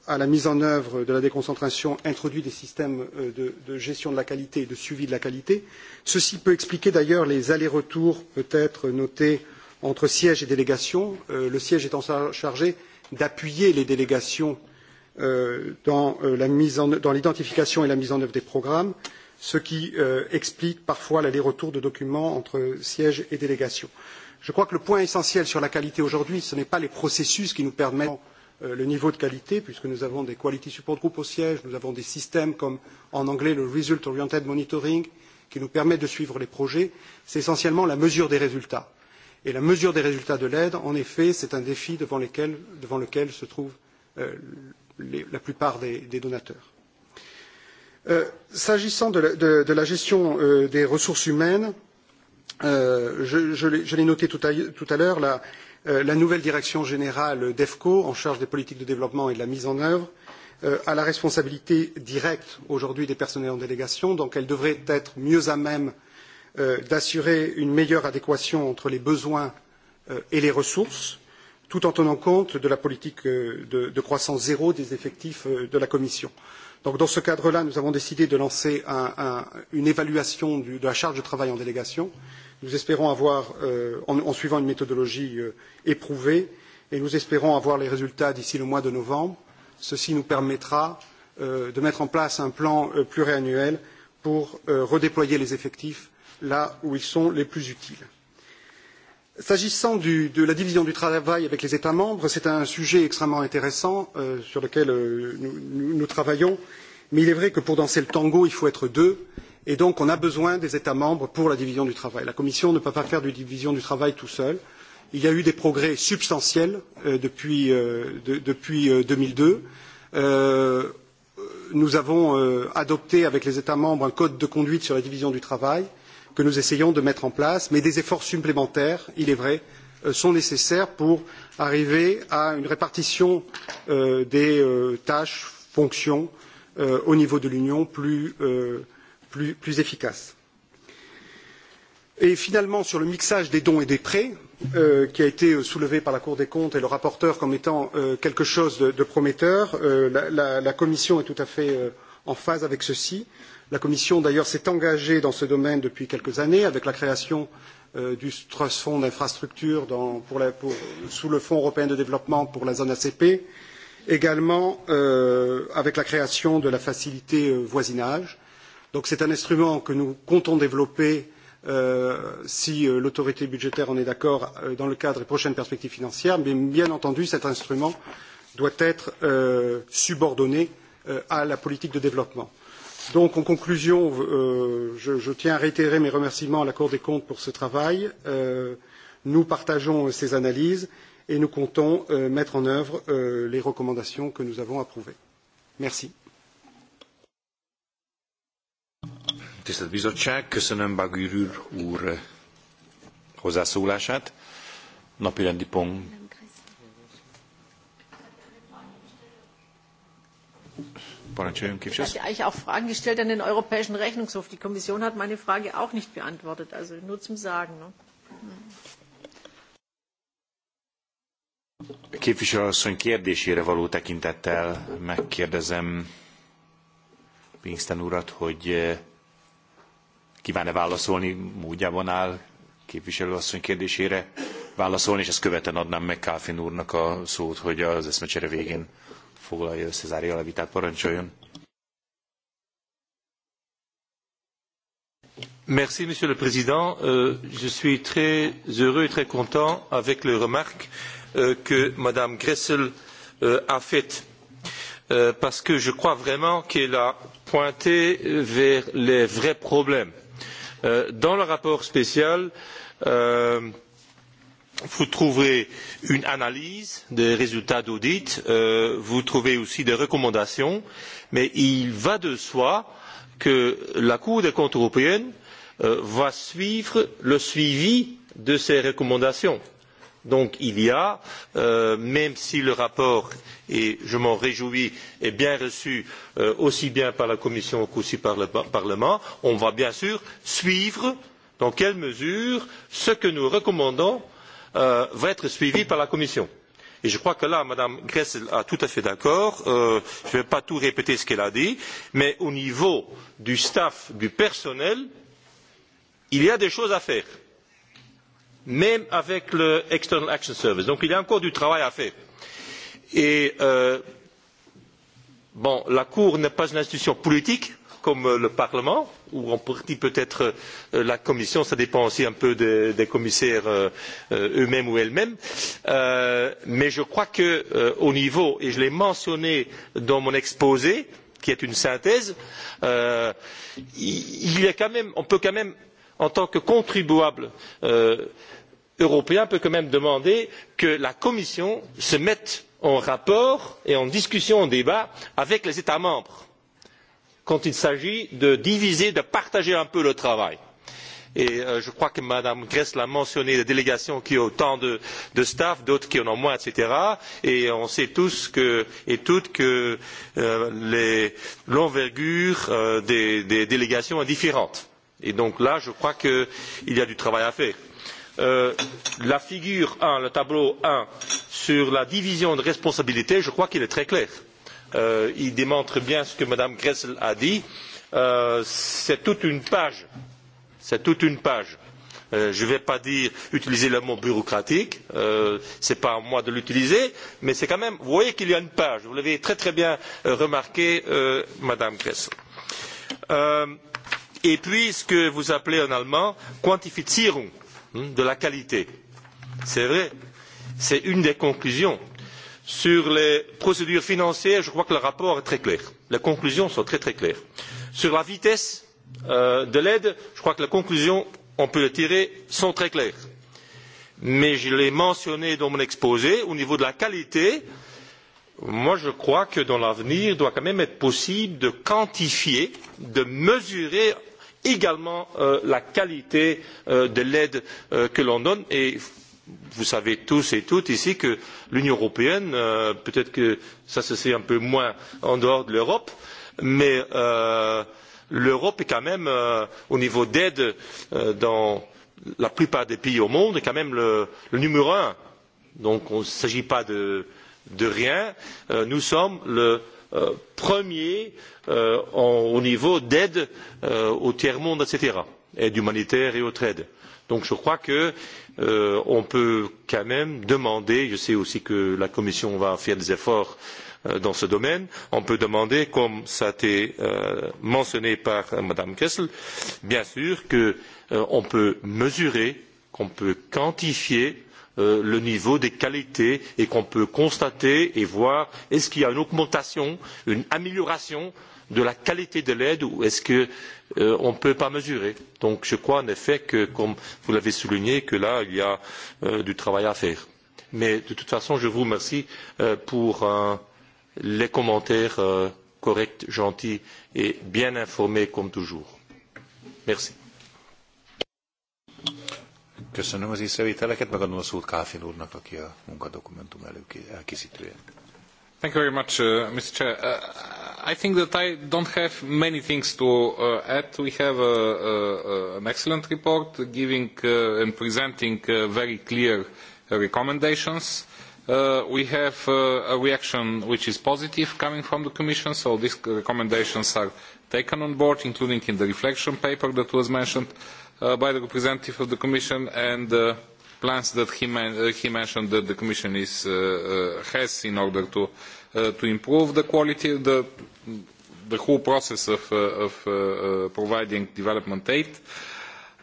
à, la mise en œuvre de la déconcentration introduit des systèmes de, de gestion de la qualité et de suivi de la qualité. Ceci peut expliquer d'ailleurs les allers-retours peut-être notés entre siège et délégation. le siège étant chargé d'appuyer les délégations Euh, euh, dans l'identification et la mise en œuvre des programmes, ce qui euh, explique parfois l'aller-retour de documents entre siège et délégation. Je crois que le point essentiel sur la qualité aujourd'hui, ce n'est pas les processus qui nous permettent le niveau de qualité, puisque nous avons des quality support group au siège, nous avons des systèmes comme en anglais le result oriented monitoring qui nous permettent de suivre les projets, c'est essentiellement la mesure des résultats. Et la mesure des résultats de l'aide, en effet, c'est un défi devant, lesquels, devant lequel se trouve euh, les, la plupart des, des donateurs. Euh, S'agissant de, de, de la gestion euh, des ressources humaines, euh, je, je l'ai noté tout à, tout à l'heure, la, euh, la nouvelle direction générale d'EFCO, en charge des politiques de développement et de la mise en œuvre, euh, a la responsabilité directe aujourd'hui des personnels en délégation, donc elle devrait être mieux à même euh, d'assurer une meilleure adéquation entre les besoins euh, et les ressources tout en tenant compte de la politique euh, de, de croissance zéro des effectifs euh, de la Commission. Donc, dans ce cadre-là, nous avons décidé de lancer un, un, une évaluation du, de la charge de travail en délégation. Nous espérons avoir, euh, en, en suivant une méthodologie euh, éprouvée, et nous espérons avoir les résultats d'ici le mois de novembre. Ceci nous permettra euh, de mettre en place un plan euh, pluriannuel pour euh, redéployer les effectifs là où ils sont les plus utiles. S'agissant de la division du travail avec les États membres, c'est un sujet extrêmement intéressant euh, sur lequel euh, nous, nous, travaillons, mais il est vrai que pour danser le tango, il faut être deux, et donc on a besoin des États membres pour la division du travail. La Commission ne peut pas faire de division du travail tout seul. Il y a eu des progrès substantiels euh, depuis, euh, de, depuis euh, deux mille deux. Euh, nous avons adopté avec les États membres un code de conduite sur la division du travail que nous essayons de mettre en place, mais des efforts supplémentaires, il est vrai, euh, sont nécessaires pour arriver à une répartition euh, des euh, tâches, fonctions au niveau de l'Union plus, plus, plus, efficace. Et finalement, sur le mixage des dons et des prêts, qui a été soulevé par la Cour des comptes et le rapporteur comme étant quelque chose de, de prometteur, la, la, la, Commission est tout à fait en phase avec ceci. La Commission, d'ailleurs, s'est engagée dans ce domaine depuis quelques années avec la création euh, du Trust Fonds d'infrastructure sous le Fonds européen de développement pour la zone ACP, également euh, avec la création de la facilité euh, voisinage. Donc c'est un instrument que nous comptons développer euh, si euh, l'autorité budgétaire en est d'accord euh, dans le cadre des prochaines perspectives financières, mais bien entendu cet instrument doit être euh, subordonné euh, à la politique de développement. Donc, en conclusion, euh, je, je tiens à réitérer mes remerciements à la Cour des comptes pour ce travail. Euh, nous partageons euh, ces analyses et nous comptons euh, mettre en œuvre euh, les recommandations que nous avons approuvées. Merci. Tisztelt Bizottság, köszönöm úr hozzászólását. pont. Entschuldigung, Ich hatte eigentlich auch Fragen gestellt an den Europäischen Rechnungshof. Die Kommission hat meine Frage auch nicht beantwortet, also nur zum Sagen. Ne? Képviselőasszony kérdésére való tekintettel megkérdezem Pinkston urat, hogy eh, kíván-e válaszolni, módjában áll képviselőasszony kérdésére válaszolni, és ezt követen adnám meg Káfin úrnak a szót, hogy az eszmecsere végén foglalja, összezárja a vitát, parancsoljon. Merci, Monsieur le Président. Euh, je suis très heureux et très content avec les remarques euh, que Madame Gressel euh, a faites, euh, parce que je crois vraiment qu'elle a pointé vers les vrais problèmes. Euh, dans le rapport spécial, euh, Vous trouverez une analyse des résultats d'audit, euh, vous trouvez aussi des recommandations, mais il va de soi que la Cour des comptes européenne euh, va suivre le suivi de ces recommandations. Donc il y a, euh, même si le rapport, et je m'en réjouis, est bien reçu euh, aussi bien par la Commission qu'aussi par le Parlement, on va bien sûr suivre dans quelle mesure ce que nous recommandons euh, va être suivi par la Commission. Et je crois que là, Mme Gressel a tout à fait d'accord. Euh, je ne vais pas tout répéter ce qu'elle a dit, mais au niveau du staff, du personnel, il y a des choses à faire, même avec le External Action Service. Donc il y a encore du travail à faire. Et euh, bon, la Cour n'est pas une institution politique comme le Parlement ou en partie peut-être euh, la Commission, ça dépend aussi un peu des, des commissaires euh, euh, eux-mêmes ou elles-mêmes. Euh, mais je crois que euh, au niveau, et je l'ai mentionné dans mon exposé, qui est une synthèse, euh, il a quand même, on peut quand même, en tant que contribuable euh, européen, peut quand même demander que la Commission se mette en rapport et en discussion, en débat avec les États membres quand il s'agit de diviser, de partager un peu le travail. Et euh, je crois que Mme Gress l'a mentionné des délégations qui ont autant de, de staff, d'autres qui en ont moins, etc. Et on sait tous que, et toutes que euh, l'envergure euh, des, des délégations est différente. Et donc là, je crois qu'il y a du travail à faire. Euh, la figure 1, le tableau 1 sur la division de responsabilités, je crois qu'il est très clair. Euh, euh, il démontre bien ce que Mme Gressel a dit. Euh, c'est toute une page. C'est toute une page. Euh, je ne vais pas dire utiliser le mot bureaucratique, euh, ce n'est pas à moi de l'utiliser, mais c'est quand même, vous voyez qu'il y a une page, vous l'avez très très bien euh, remarqué, euh, Madame Gressel. Euh, et puis ce que vous appelez en allemand Quantifizierung de la qualité. C'est vrai, c'est une des conclusions Sur les procédures financières, je crois que le rapport est très clair. Les conclusions sont très très claires. Sur la vitesse euh, de l'aide, je crois que les conclusions, on peut les tirer, sont très claires. Mais je l'ai mentionné dans mon exposé, au niveau de la qualité, moi je crois que dans l'avenir, il doit quand même être possible de quantifier, de mesurer également euh, la qualité euh, de l'aide euh, que l'on donne et vous savez tous et toutes ici que l'Union européenne, euh, peut-être que ça se sait un peu moins en dehors de l'Europe, mais euh, l'Europe est quand même, euh, au niveau d'aide euh, dans la plupart des pays au monde, est quand même le, le numéro un. Donc il ne s'agit pas de, de rien. Euh, nous sommes le euh, premier en, au niveau d'aide au tiers-monde, etc. aide humanitaire et autre aide. Donc je crois que euh, on peut quand même demander, je sais aussi que la Commission va faire des efforts euh, dans ce domaine, on peut demander, comme cela a été euh, mentionné par euh, Mme Kessel, bien sûr qu'on euh, peut mesurer, qu'on peut quantifier euh, le niveau des qualités et qu'on peut constater et voir est-ce qu'il y a une augmentation, une amélioration de la qualité de l'aide ou est-ce que euh, on ne peut pas mesurer Donc je crois en effet que, comme vous l'avez souligné, que là il y a euh, du travail à faire. Mais de toute façon, je vous remercie euh, pour euh, les commentaires euh, corrects, gentils et bien informés comme toujours. Merci. Köszönöm az észrevételeket, megadom a szót Káfin úrnak, aki a munkadokumentum előkészítője. Thank you very much, uh, Mr. Chair. Uh, I think that I don't have many things to uh, add. We have a, a, a, an excellent report giving uh, and presenting uh, very clear recommendations. Uh, we have uh, a reaction which is positive coming from the Commission, so these recommendations are taken on board, including in the reflection paper that was mentioned uh, by the representative of the Commission and uh, plans that he, uh, he mentioned that the Commission is, uh, uh, has in order to uh, uh, to improve the quality, of the, the whole process of, uh, of uh, uh, providing development aid.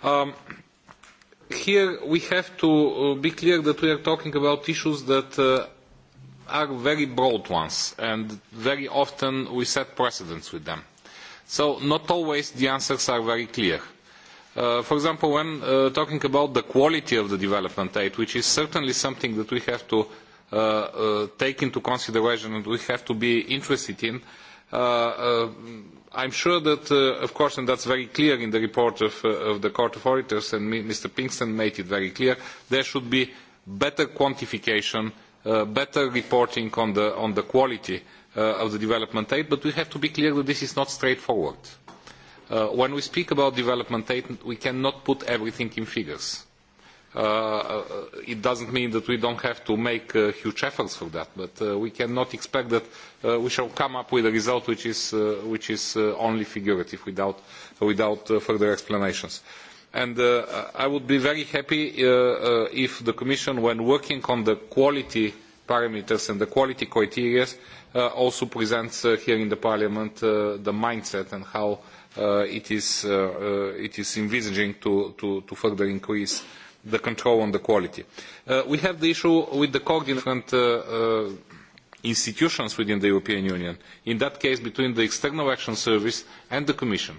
Um, here we have to uh, be clear that we are talking about issues that uh, are very broad ones and very often we set precedents with them. So not always the answers are very clear. Uh, for example, when uh, talking about the quality of the development aid, which is certainly something that we have to uh, uh, take into consideration and we have to be interested in. Uh, uh, I'm sure that, uh, of course, and that's very clear in the report of, uh, of the Court of Auditors, and Mr. Pinkston made it very clear, there should be better quantification, uh, better reporting on the, on the quality uh, of the development aid, but we have to be clear that this is not straightforward. Uh, when we speak about development aid, we cannot put everything in figures Uh, uh, it doesn't mean that we don't have to make uh, huge efforts for that, but uh, we cannot expect that uh, we shall come up with a result which is, uh, which is uh, only figurative without, without uh, further explanations. And uh, I would be very happy uh, uh, if the Commission, when working on the quality parameters and the quality criteria, uh, also presents uh, here in the Parliament uh, the mindset and how uh, it, is, uh, uh, it is envisaging to, to, to further increase uh, the control on the quality. Uh, we have the issue with the cognizant uh, uh, institutions within the European Union, in that case between the External Action Service and the Commission.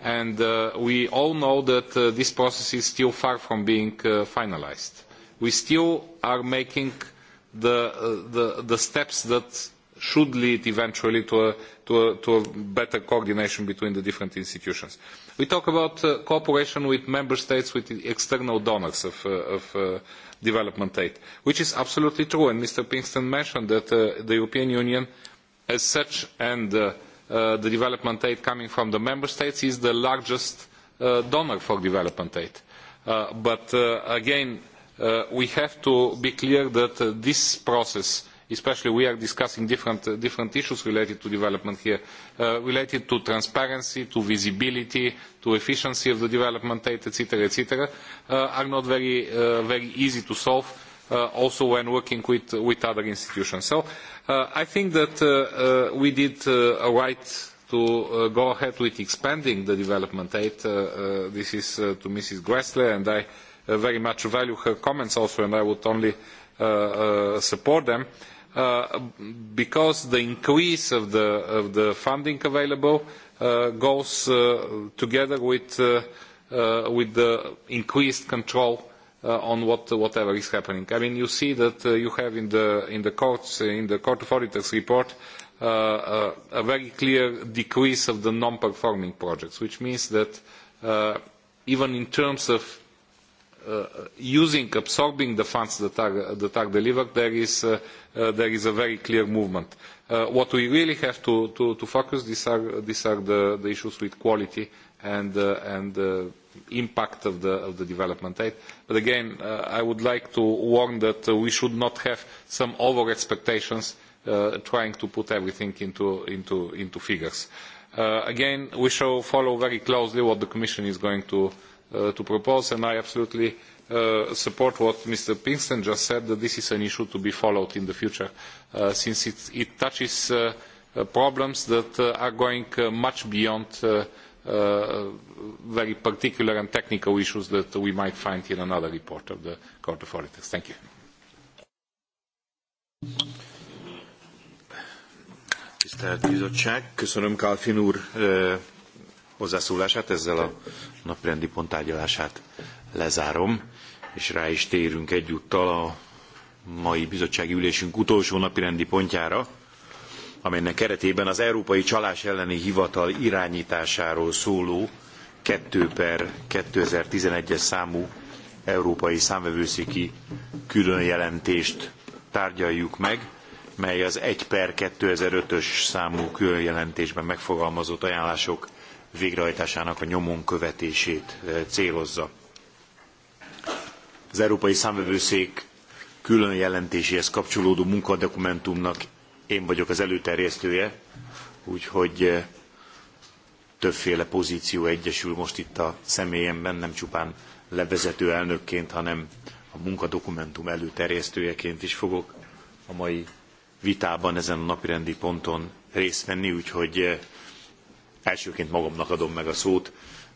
And uh, we all know that uh, this process is still far from being uh, finalized. We still are making the, uh, the, the steps that should lead eventually to a, to, a, to a better coordination between the different institutions. We talk about uh, cooperation with member states, with external donors of, uh, of uh, development aid, which is absolutely true. And Mr. Pinkston mentioned that uh, the European Union as such and uh, uh, the development aid coming from the member states is the largest uh, donor for development aid. Uh, but uh, again, uh, we have to be clear that uh, this process especially we are discussing different, uh, different issues related to development here, uh, related to transparency, to visibility, to efficiency of the development aid, etc., etc., uh, are not very, uh, very easy to solve. Uh, also when working with, with other institutions. So uh, I think that uh, uh, we did uh, a right to uh, go ahead with expanding the development aid. Uh, uh, this is uh, to Mrs. Gressler, and I uh, very much value her comments also, and I would only uh, uh, support them. Uh, uh, because the increase of the, of the funding available uh, goes uh, together with, uh, uh, with the increased control uh, on what, whatever is happening. I mean, you see that uh, you have in the, in the courts, in the Court of Auditors report, uh, uh, a very clear decrease of the non-performing projects, which means that uh, even in terms of Uh, uh, using, absorbing the funds that are, that are delivered, there is, uh, uh, there is a very clear movement. Uh, what we really have to, to, to focus, these are, these are the, the issues with quality and, uh, and uh, impact of the, of the development aid. But again, uh, I would like to warn that uh, we should not have some over-expectations uh, trying to put everything into, into, into figures. Uh, again, we shall follow very closely what the Commission is going to, uh, uh, to propose, and I absolutely uh, support what Mr. Pinkston just said, that this is an issue to be followed in the future, uh, since it, it touches uh, uh, problems that uh, are going uh, much beyond uh, uh, very particular and technical issues that we might find in another report of the Court of Auditors. Thank you. Tisztelt Bizottság, köszönöm Kálfin úr uh, hozzászólását, ezzel a naprendi pontárgyalását lezárom, és rá is térünk egyúttal a mai bizottsági ülésünk utolsó napirendi pontjára, amelynek keretében az Európai Csalás elleni Hivatal irányításáról szóló 2 per 2011-es számú európai számvevőszéki különjelentést tárgyaljuk meg, mely az 1 per 2005-ös számú különjelentésben megfogalmazott ajánlások végrehajtásának a nyomon követését célozza. Az Európai Számvevőszék külön jelentéséhez kapcsolódó munkadokumentumnak én vagyok az előterjesztője, úgyhogy többféle pozíció egyesül most itt a személyemben, nem csupán levezető elnökként, hanem a munkadokumentum előterjesztőjeként is fogok a mai vitában ezen a napirendi ponton részt venni, úgyhogy Elsőként magamnak adom meg a szót,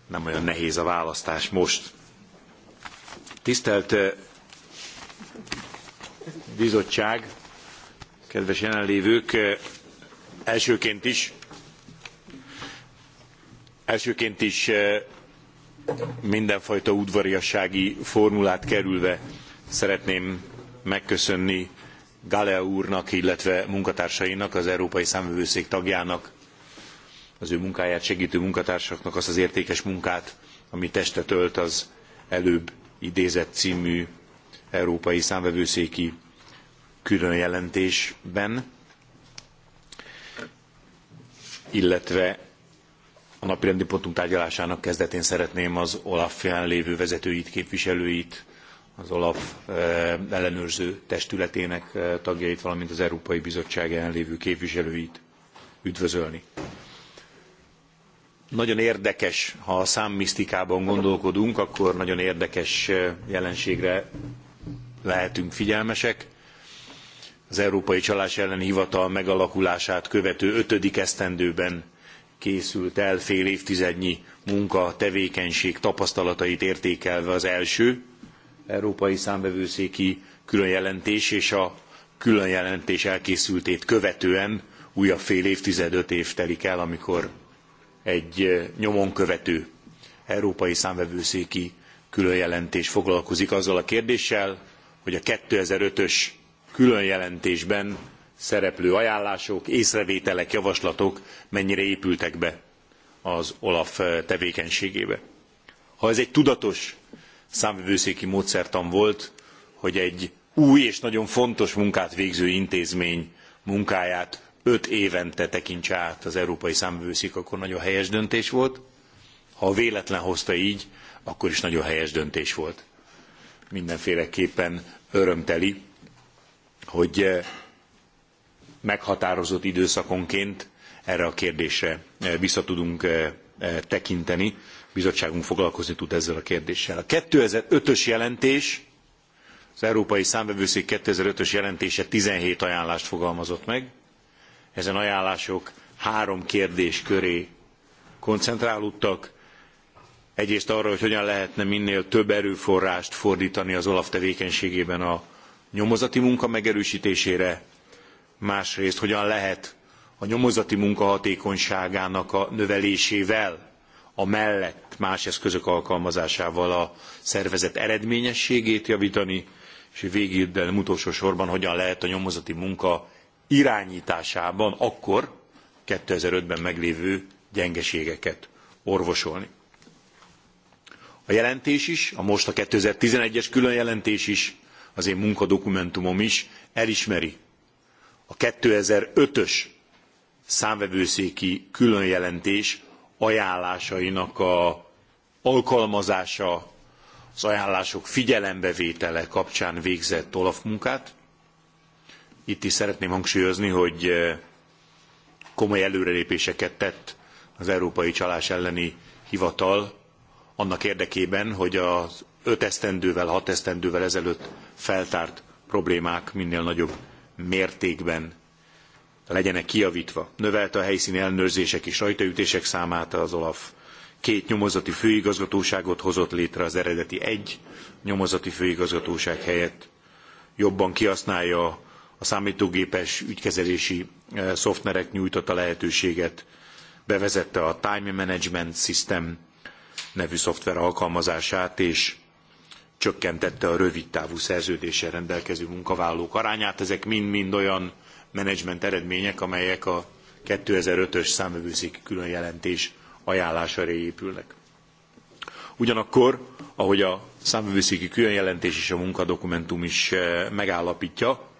nem olyan nehéz a választás most. Tisztelt eh, bizottság, kedves jelenlévők, eh, elsőként is, elsőként is eh, mindenfajta udvariassági formulát kerülve szeretném megköszönni Galea úrnak, illetve munkatársainak, az Európai Számvevőszék tagjának az ő munkáját segítő munkatársaknak azt az értékes munkát, ami teste tölt az előbb idézett című európai számvevőszéki külön jelentésben, illetve a napirendi pontunk tárgyalásának kezdetén szeretném az olaf jelenlévő vezetőit, képviselőit, az OLAF eh, ellenőrző testületének eh, tagjait, valamint az Európai Bizottság lévő képviselőit üdvözölni. Nagyon érdekes, ha a számmisztikában gondolkodunk, akkor nagyon érdekes eh, jelenségre lehetünk figyelmesek. Az Európai Csalás ellen hivatal megalakulását követő ötödik esztendőben készült el fél évtizednyi munka, tevékenység tapasztalatait értékelve az első Európai Számvevőszéki különjelentés és a különjelentés elkészültét követően újabb fél évtized, öt év telik el, amikor egy nyomon követő európai számvevőszéki különjelentés foglalkozik azzal a kérdéssel, hogy a 2005-ös különjelentésben szereplő ajánlások, észrevételek, javaslatok mennyire épültek be az OLAF tevékenységébe. Ha ez egy tudatos számvevőszéki módszertan volt, hogy egy új és nagyon fontos munkát végző intézmény munkáját öt évente tekintse át az Európai Számvőszék, akkor nagyon helyes döntés volt. Ha véletlen hozta így, akkor is nagyon helyes döntés volt. Mindenféleképpen örömteli, hogy eh, meghatározott időszakonként erre a kérdésre eh, vissza tudunk eh, tekinteni. Bizottságunk foglalkozni tud ezzel a kérdéssel. A 2005-ös jelentés, az Európai Számvevőszék 2005-ös jelentése 17 ajánlást fogalmazott meg, ezen ajánlások három kérdés köré koncentrálódtak. Egyrészt arra, hogy hogyan lehetne minél több erőforrást fordítani az OLAF tevékenységében a nyomozati munka megerősítésére, másrészt hogyan lehet a nyomozati munka hatékonyságának a növelésével, a mellett más eszközök alkalmazásával a szervezet eredményességét javítani, és végül, de utolsó sorban hogyan lehet a nyomozati munka irányításában akkor 2005-ben meglévő gyengeségeket orvosolni. A jelentés is, a most a 2011-es külön jelentés is, az én munkadokumentumom is elismeri a 2005-ös számvevőszéki külön jelentés ajánlásainak a alkalmazása, az ajánlások figyelembevétele kapcsán végzett Olaf munkát, Itt is szeretném hangsúlyozni, hogy eh, komoly előrelépéseket tett az Európai Csalás elleni hivatal annak érdekében, hogy az öt esztendővel, hat esztendővel ezelőtt feltárt problémák minél nagyobb mértékben legyenek kijavítva. Növelte a helyszíni ellenőrzések és rajtaütések számát az OLAF. Két nyomozati főigazgatóságot hozott létre az eredeti egy nyomozati főigazgatóság helyett. Jobban kihasználja a számítógépes ügykezelési e, szoftverek nyújtotta lehetőséget, bevezette a Time Management System nevű szoftver alkalmazását, és csökkentette a rövid távú szerződéssel rendelkező munkavállalók arányát. Ezek mind-mind olyan menedzsment eredmények, amelyek a 2005-ös számövőszéki külön jelentés ajánlására épülnek. Ugyanakkor, ahogy a számövőszéki külön jelentés és a munkadokumentum is e, megállapítja,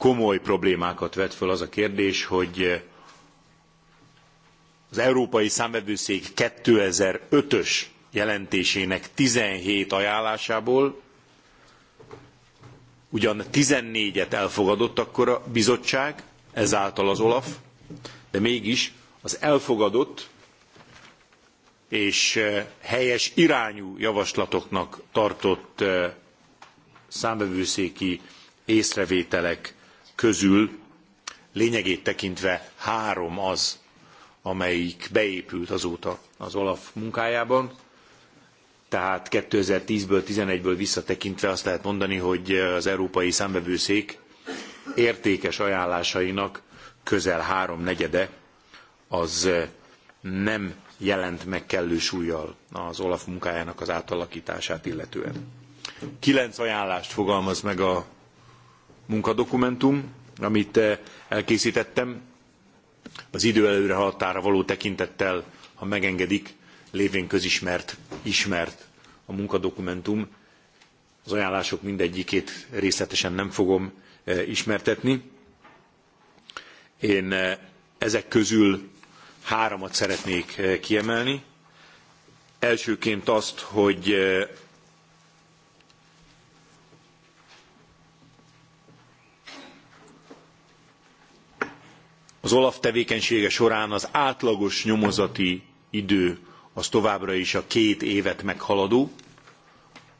komoly problémákat vet föl az a kérdés, hogy eh, az Európai Számvevőszék 2005-ös jelentésének 17 ajánlásából ugyan 14-et elfogadott akkor a bizottság, ezáltal az OLAF, de mégis az elfogadott és eh, helyes irányú javaslatoknak tartott eh, számbevőszéki észrevételek közül lényegét tekintve három az, amelyik beépült azóta az Olaf munkájában. Tehát 2010-ből, 11-ből visszatekintve azt lehet mondani, hogy az Európai Számbevőszék értékes ajánlásainak közel három negyede az nem jelent meg kellő súlyjal az Olaf munkájának az átalakítását illetően. Kilenc ajánlást fogalmaz meg a munkadokumentum, amit eh, elkészítettem. Az idő előre haladtára való tekintettel, ha megengedik, lévén közismert, ismert a munkadokumentum. Az ajánlások mindegyikét részletesen nem fogom eh, ismertetni. Én eh, ezek közül háromat szeretnék kiemelni. Elsőként azt, hogy Az OLAF tevékenysége során az átlagos nyomozati idő az továbbra is a két évet meghaladó,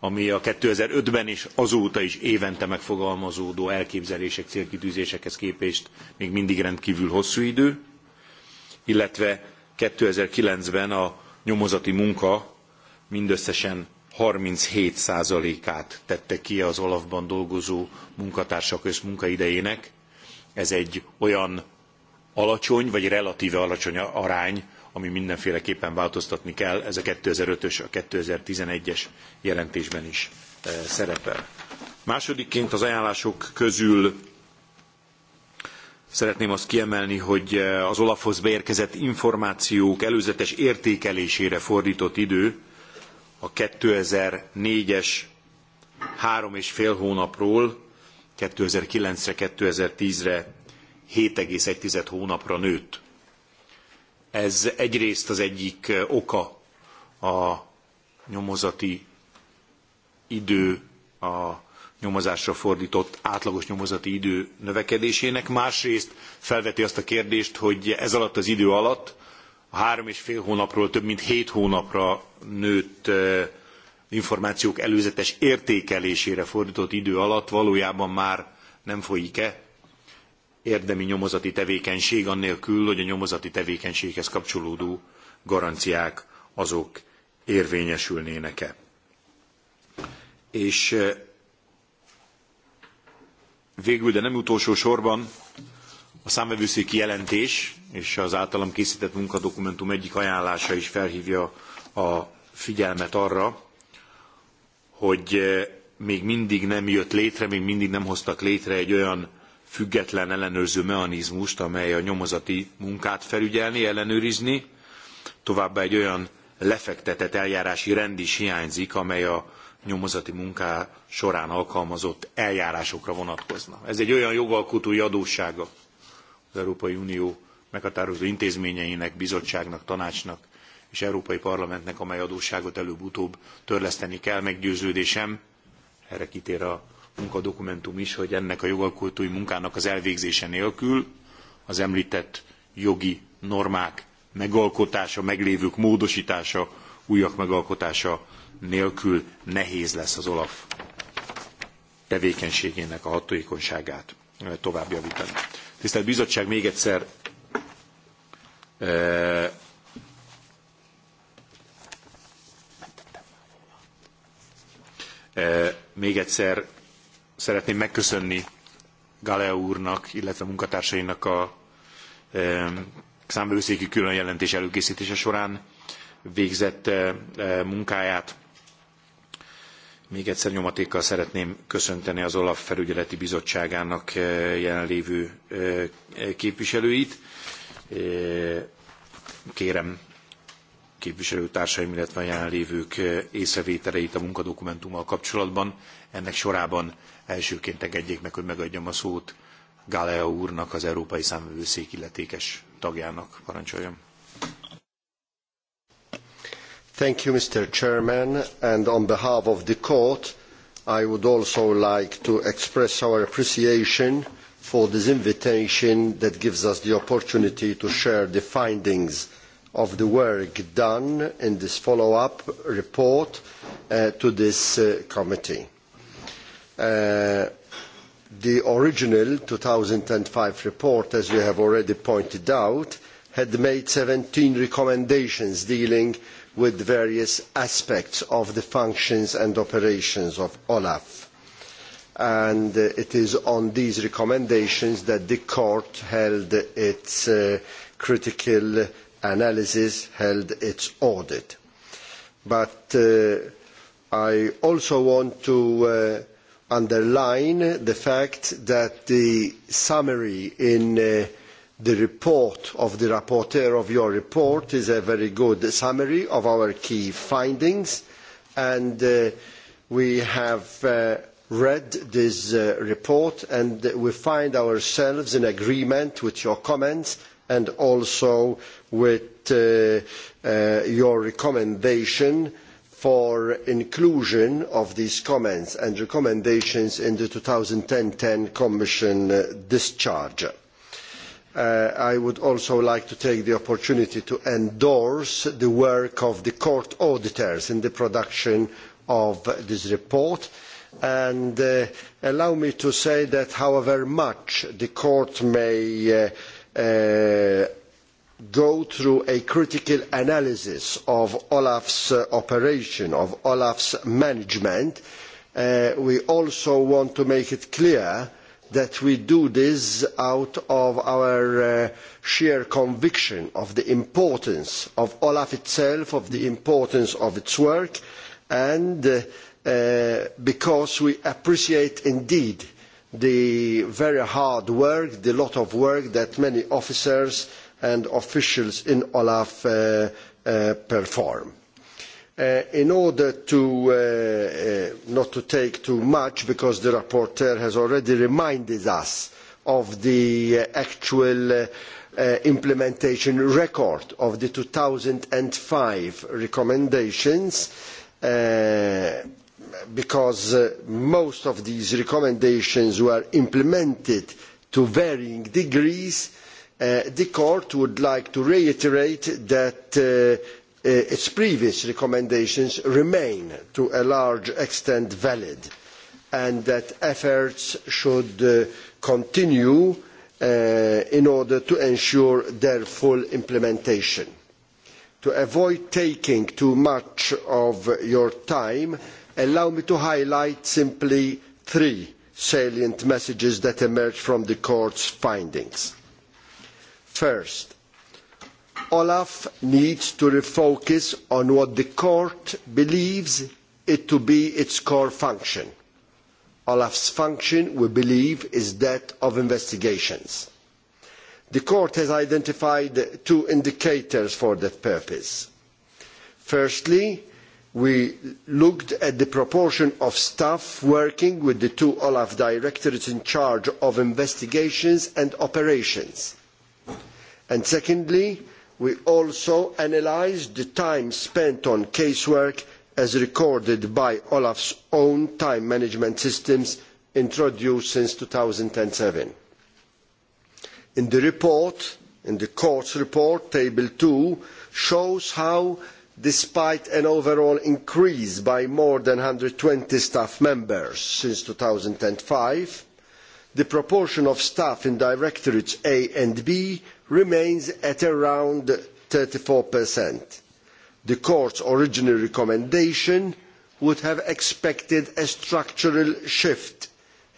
ami a 2005-ben és azóta is évente megfogalmazódó elképzelések, célkitűzésekhez képest még mindig rendkívül hosszú idő, illetve 2009-ben a nyomozati munka mindösszesen 37%-át tette ki az Olafban dolgozó munkatársak összmunkaidejének. Ez egy olyan alacsony vagy relatíve alacsony arány, ami mindenféleképpen változtatni kell, ez a 2005-ös, a 2011-es jelentésben is eh, szerepel. Másodikként az ajánlások közül Szeretném azt kiemelni, hogy eh, az Olafhoz beérkezett információk előzetes értékelésére fordított idő a 2004-es három és fél hónapról 2009-re, 2010-re 7,1 hónapra nőtt. Ez egyrészt az egyik eh, oka a nyomozati idő, a nyomozásra fordított átlagos nyomozati idő növekedésének, másrészt felveti azt a kérdést, hogy ez alatt az idő alatt a három és fél hónapról több mint hét hónapra nőtt eh, információk előzetes értékelésére fordított idő alatt valójában már nem folyik-e érdemi nyomozati tevékenység, annélkül, hogy a nyomozati tevékenységhez kapcsolódó garanciák azok érvényesülnének-e. És eh, végül, de nem utolsó sorban, a számvevőszéki jelentés és az általam készített munkadokumentum egyik ajánlása is felhívja a figyelmet arra, hogy eh, még mindig nem jött létre, még mindig nem hoztak létre egy olyan független ellenőrző mechanizmust, amely a nyomozati munkát felügyelni, ellenőrizni. Továbbá egy olyan lefektetett eljárási rend is hiányzik, amely a nyomozati munká során alkalmazott eljárásokra vonatkozna. Ez egy olyan jogalkotói adóssága az Európai Unió meghatározó intézményeinek, bizottságnak, tanácsnak és Európai Parlamentnek, amely adósságot előbb-utóbb törleszteni kell, meggyőződésem, erre kitér a munkadokumentum is, hogy ennek a jogalkotói munkának az elvégzése nélkül az említett jogi normák megalkotása, meglévők módosítása, újak megalkotása nélkül nehéz lesz az OLAF tevékenységének a hatóikonságát eh, tovább javítani. Tisztelt Bizottság, még egyszer e még egyszer szeretném megköszönni Galea úrnak, illetve munkatársainak a számbevőszéki külön jelentés előkészítése során végzett eh, eh, munkáját. Még egyszer nyomatékkal szeretném köszönteni az OLAF felügyeleti bizottságának eh, jelenlévő képviselőit. Kérem képviselőtársaim, illetve a jelenlévők eh, észrevételeit a munkadokumentummal kapcsolatban. Ennek sorában elsőként engedjék meg, hogy megadjam a szót Galea úrnak, az Európai Számvevőszék illetékes tagjának. Parancsoljam. Thank you, Mr. Chairman, and on behalf of the court, I would also like to express our appreciation for this invitation that gives us the opportunity to share the findings of the work done in this follow-up report uh, to this uh, committee. Uh, the original two thousand five report, as you have already pointed out, had made seventeen recommendations dealing with various aspects of the functions and operations of OLAF. And uh, it is on these recommendations that the court held its uh, critical analysis held its audit. But uh, I also want to uh, underline the fact that the summary in uh, the report of the rapporteur of your report is a very good summary of our key findings and uh, we have uh, read this uh, report and we find ourselves in agreement with your comments and also with uh, uh, your recommendation for inclusion of these comments and recommendations in the 2010 ten Commission uh, discharge. Uh, I would also like to take the opportunity to endorse the work of the court auditors in the production of this report and uh, allow me to say that however much the court may uh, Uh, go through a critical analysis of Olaf's uh, operation, of Olaf's management. Uh, we also want to make it clear that we do this out of our uh, sheer conviction of the importance of Olaf itself, of the importance of its work, and uh, uh, because we appreciate indeed uh, the very hard work, the lot of work that many officers and officials in Olaf uh, uh, perform. Uh, in order to, uh, uh, not to take too much, because the rapporteur has already reminded us of the uh, actual implementation record of the two thousand five recommendations, Uh, because uh, most of these recommendations were implemented to varying degrees, uh, the court would like to reiterate that uh, its previous recommendations remain to a large extent valid and that efforts should continue in order to ensure their full implementation. To avoid taking too much of your time, allow me to highlight simply three salient messages that emerge from the court's findings. First, Olaf needs to refocus on what the court believes it to be its core function. Olaf's function, we believe, is that of investigations. The court has identified two indicators for that purpose. Firstly, we looked at the proportion of staff working with the two olaf directorates in charge of investigations and operations and secondly we also analysed the time spent on casework as recorded by olaf's own time management systems introduced since two thousand and seven in the report in the court's report table two shows how despite an overall increase by more than one hundred and twenty staff members since two thousand and five the proportion of staff in directorates a and b remains at around thirty four the court's original recommendation would have expected a structural shift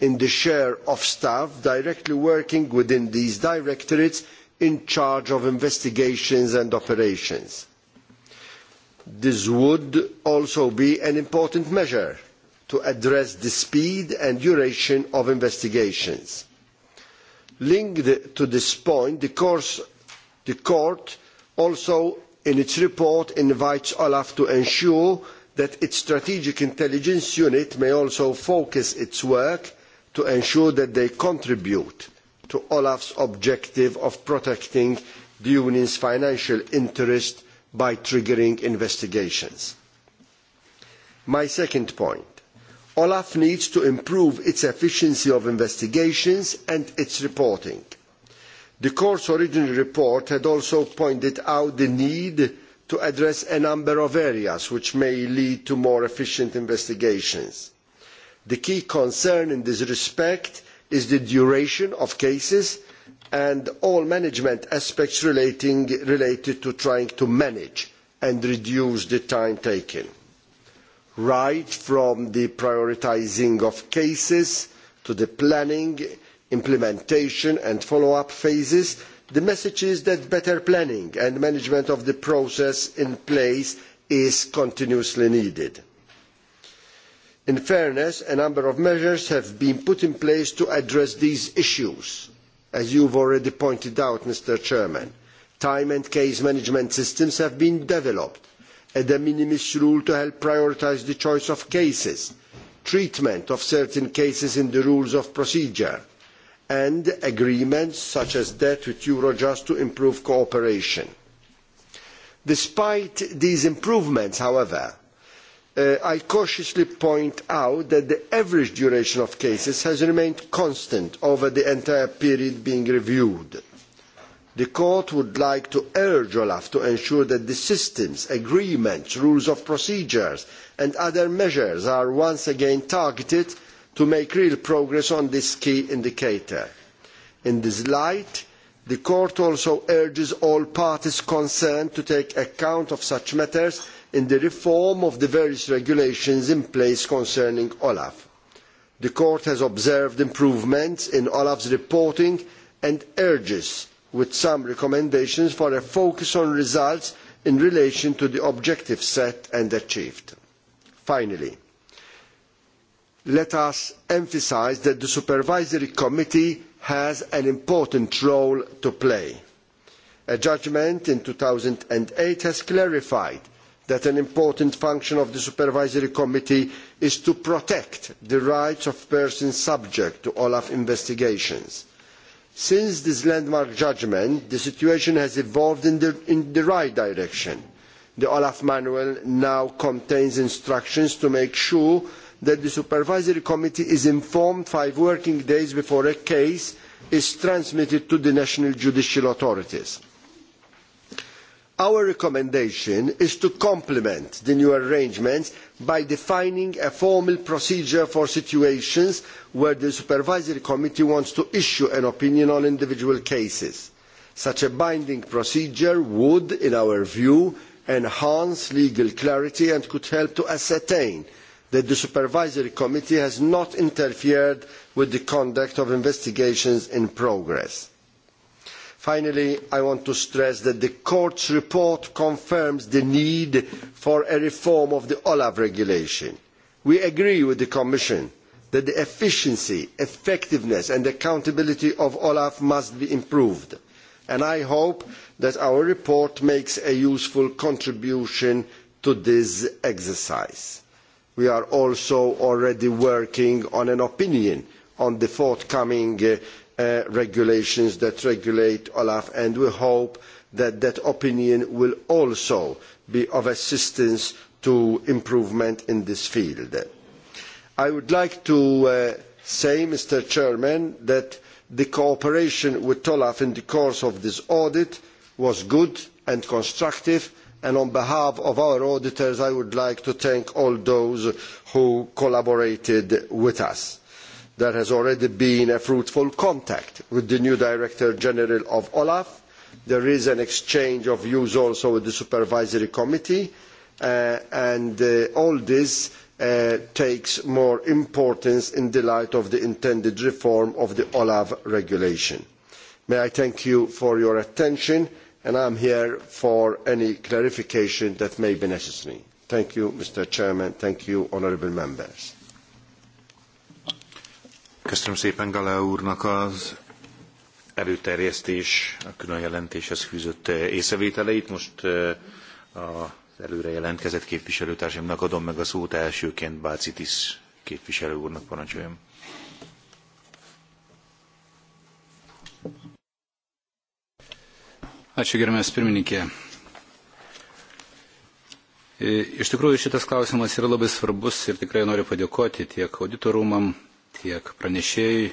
in the share of staff directly working within these directorates in charge of investigations and operations This would also be an important measure to address the speed and duration of investigations. Linked to this point, the, course, the court also in its report invites Olaf to ensure that its strategic intelligence unit may also focus its work to ensure that they contribute to Olaf's objective of protecting the Union's financial interests by triggering investigations. My second point. Olaf needs to improve its efficiency of investigations and its reporting. The court's original report had also pointed out the need to address a number of areas which may lead to more efficient investigations. The key concern in this respect is the duration of cases and all management aspects relating, related to trying to manage and reduce the time taken, right from the prioritising of cases to the planning, implementation and follow-up phases, the message is that better planning and management of the process in place is continuously needed. In fairness, a number of measures have been put in place to address these issues as you have already pointed out, Mr. Chairman. Time and case management systems have been developed, a de minimis rule to help prioritise the choice of cases, treatment of certain cases in the rules of procedure, and agreements such as that with Eurojust to improve cooperation. Despite these improvements, however, Uh, I cautiously point out that the average duration of cases has remained constant over the entire period being reviewed. The Court would like to urge Olaf to ensure that the systems, agreements, rules of procedures and other measures are once again targeted to make real progress on this key indicator. In this light, the Court also urges all parties concerned to take account of such matters in the reform of the various regulations in place concerning olaf. the court has observed improvements in olaf's reporting and urges with some recommendations for a focus on results in relation to the objectives set and achieved. finally let us emphasise that the supervisory committee has an important role to play. a judgment in two thousand and eight has clarified that an important function of the supervisory committee is to protect the rights of persons subject to olaf investigations. since this landmark judgment the situation has evolved in the, in the right direction. the olaf manual now contains instructions to make sure that the supervisory committee is informed five working days before a case is transmitted to the national judicial authorities Our recommendation is to complement the new arrangements by defining a formal procedure for situations where the Supervisory Committee wants to issue an opinion on individual cases. Such a binding procedure would, in our view, enhance legal clarity and could help to ascertain that the Supervisory Committee has not interfered with the conduct of investigations in progress. Finally, I want to stress that the Court's report confirms the need for a reform of the OLAF regulation. We agree with the Commission that the efficiency, effectiveness and accountability of OLAF must be improved, and I hope that our report makes a useful contribution to this exercise. We are also already working on an opinion on the forthcoming uh, Uh, regulations that regulate olaf and we hope that that opinion will also be of assistance to improvement in this field. i would like to uh, say mr chairman that the cooperation with olaf in the course of this audit was good and constructive and on behalf of our auditors i would like to thank all those who collaborated with us there has already been a fruitful contact with the new Director General of Olaf. There is an exchange of views also with the Supervisory Committee, uh, and uh, all this uh, takes more importance in the light of the intended reform of the Olaf regulation. May I thank you for your attention, and I am here for any clarification that may be necessary. Thank you, Mr. Chairman. Thank you, honourable members. Köszönöm szépen Gala úrnak az előterjesztés, a külön jelentéshez fűzött eh, észrevételeit. Most eh, az előre jelentkezett képviselőtársamnak adom meg a szót elsőként Bácitis képviselő úrnak parancsoljam. Ačiū gerbiamas pirmininkė. E, iš tikrųjų šitas klausimas yra labai svarbus ir tikrai noriu padėkoti tiek auditorumam, tiek pranešėjai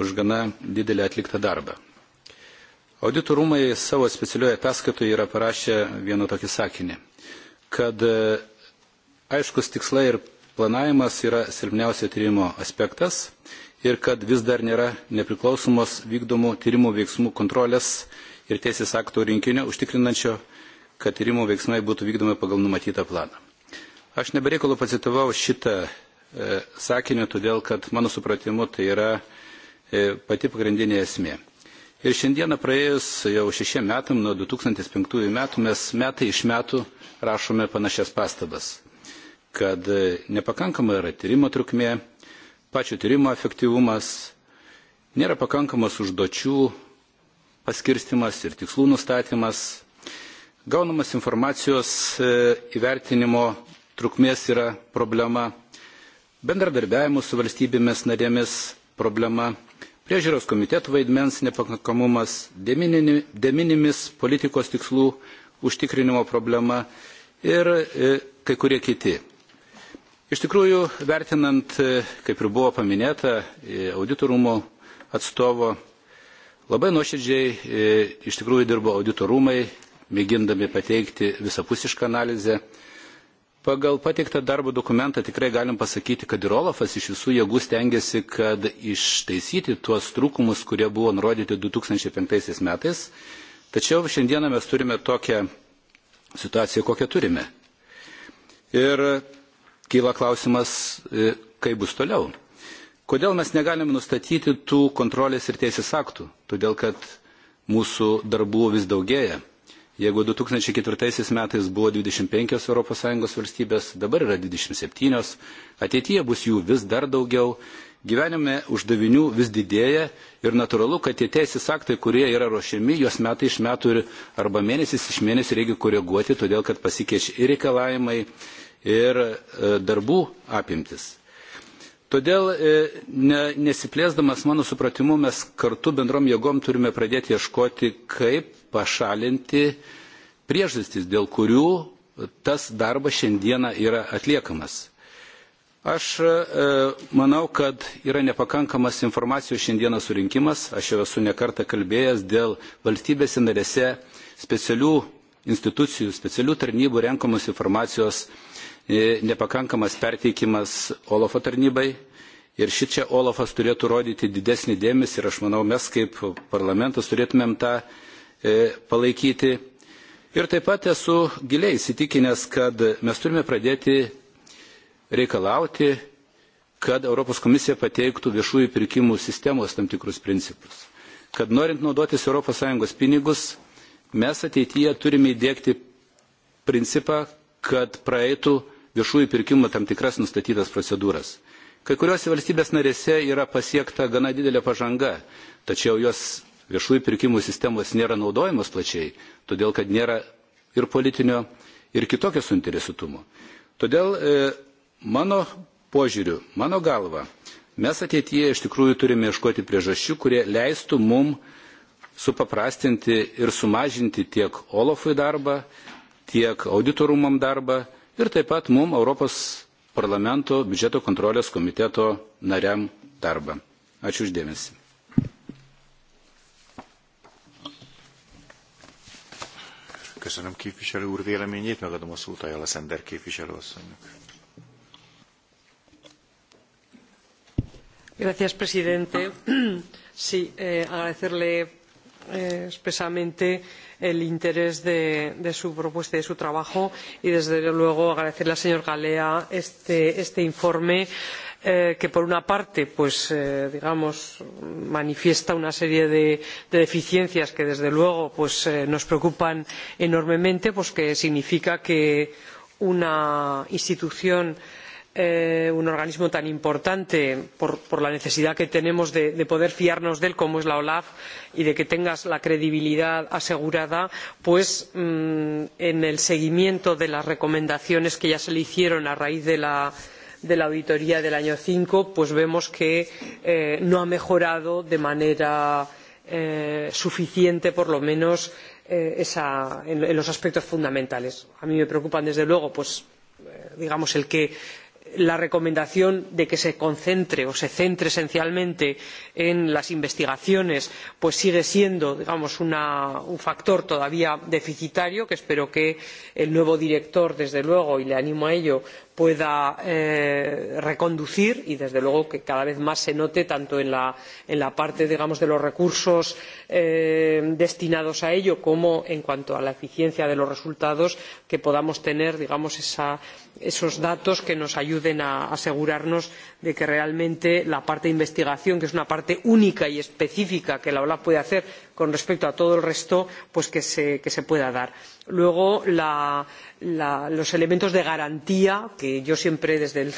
už gana didelį atliktą darbą. Auditų rūmai savo specialioje ataskaitoje yra parašę vieną tokį sakinį, kad e, aiškus tikslai ir planavimas yra silpniausio tyrimo aspektas ir kad vis dar nėra nepriklausomos vykdomų tyrimų veiksmų kontrolės ir teisės aktų rinkinio užtikrinančio, kad tyrimų veiksmai būtų vykdomi pagal numatytą planą. Aš nebereikalu pacitavau šitą E, sakiniu, todėl kad mano supratimu tai yra e, pati pagrindinė esmė. Ir šiandieną praėjus jau šešiem metam, nuo 2005 metų, mes metai iš metų rašome panašias pastabas, kad e, nepakankama yra tyrimo trukmė, pačio tyrimo efektyvumas, nėra pakankamas užduočių paskirstimas ir tikslų nustatymas, gaunamas informacijos įvertinimo trukmės yra problema bendradarbiavimo su valstybėmis narėmis problema, priežiūros komitetų vaidmens nepakankamumas, deminimis politikos tikslų užtikrinimo problema ir e, kai kurie kiti. Iš tikrųjų, vertinant, e, kaip ir buvo paminėta, e, auditorumo atstovo, labai nuoširdžiai iš tikrųjų dirbo auditorumai, mėgindami pateikti visapusišką analizę Pagal pateiktą darbo dokumentą tikrai galim pasakyti, kad ir Olafas iš visų jėgų stengiasi, kad ištaisyti tuos trūkumus, kurie buvo nurodyti 2005 metais. Tačiau šiandieną mes turime tokią situaciją, kokią turime. Ir kyla klausimas, e, kaip bus toliau. Kodėl mes negalime nustatyti tų kontrolės ir teisės aktų? Todėl, kad mūsų darbų vis daugėja. Jeigu 2004 metais buvo 25 ES valstybės, dabar yra 27, ateityje bus jų vis dar daugiau, gyvenime uždavinių vis didėja ir natūralu, kad tie teisės aktai, kurie yra ruošiami, juos metai iš metų ir arba mėnesis iš mėnesio reikia koreguoti, todėl kad pasikeičia ir reikalavimai, ir e, darbų apimtis. Todėl e, ne, nesiplėsdamas mano supratimu mes kartu bendrom jėgom turime pradėti ieškoti, kaip pašalinti priežastis, dėl kurių tas darbas šiandieną yra atliekamas. Aš e, manau, kad yra nepakankamas informacijos šiandieną surinkimas. Aš jau esu nekartą kalbėjęs dėl valstybėse narėse specialių institucijų, specialių tarnybų renkamos informacijos e, nepakankamas perteikimas Olafo tarnybai. Ir šičia Olafas turėtų rodyti didesnį dėmesį ir aš manau, mes kaip parlamentas turėtumėm tą E, palaikyti. Ir taip pat esu giliai įsitikinęs, kad mes turime pradėti reikalauti, kad Europos komisija pateiktų viešųjų pirkimų sistemos tam tikrus principus. Kad norint naudotis ES pinigus, mes ateityje turime įdėkti principą, kad praeitų viešųjų pirkimų tam tikras nustatytas procedūras. Kai kuriuose valstybės narėse yra pasiekta gana didelė pažanga, tačiau jos viešųjų pirkimų sistemos nėra naudojamos plačiai, todėl kad nėra ir politinio, ir kitokio suinteresuotumo. Todėl e, mano požiūriu, mano galva, mes ateityje iš tikrųjų turime ieškoti priežasčių, kurie leistų mum supaprastinti ir sumažinti tiek Olofui darbą, tiek auditorumam darbą ir taip pat mum Europos parlamento biudžeto kontrolės komiteto nariam darbą. Ačiū uždėmesi. Köszönöm képviselő úr véleményét, megadom a szót a Jalaszender képviselő asszonynak. Gracias, presidente. Sí, eh, agradecerle eh, expresamente el interés de, de su propuesta y de su trabajo y, desde luego, agradecerle al señor Galea este, este informe. Eh, eh, que por una parte pues, eh, digamos, manifiesta una serie de, de, deficiencias que desde luego pues, eh, nos preocupan enormemente, pues que significa que una institución eh, un organismo tan importante por, por la necesidad que tenemos de, de, poder fiarnos de él como es la olaf y de que tenga la credibilidad asegurada pues mmm, en el seguimiento de las recomendaciones que ya se le hicieron a raíz de la de la auditoría del año cinco, pues vemos que eh, no ha mejorado de manera eh, suficiente, por lo menos, eh, esa, en, en, los aspectos fundamentales. A mí me preocupan, desde luego, pues, eh, digamos, el que la recomendación de que se concentre o se centre esencialmente en las investigaciones pues sigue siendo digamos, una, un factor todavía deficitario que espero que el nuevo director desde luego y le animo a ello pueda eh, reconducir y desde luego que cada vez más se note tanto en la, en la parte digamos, de los recursos eh, destinados a ello como en cuanto a la eficiencia de los resultados que podamos tener digamos, esa, esos datos que nos ayuden a asegurarnos de que realmente la parte de investigación que es una parte única y específica que la olaf puede hacer con respecto a todo el resto pues que se, que se pueda dar. luego la la, los elementos de garantía que yo siempre desde el,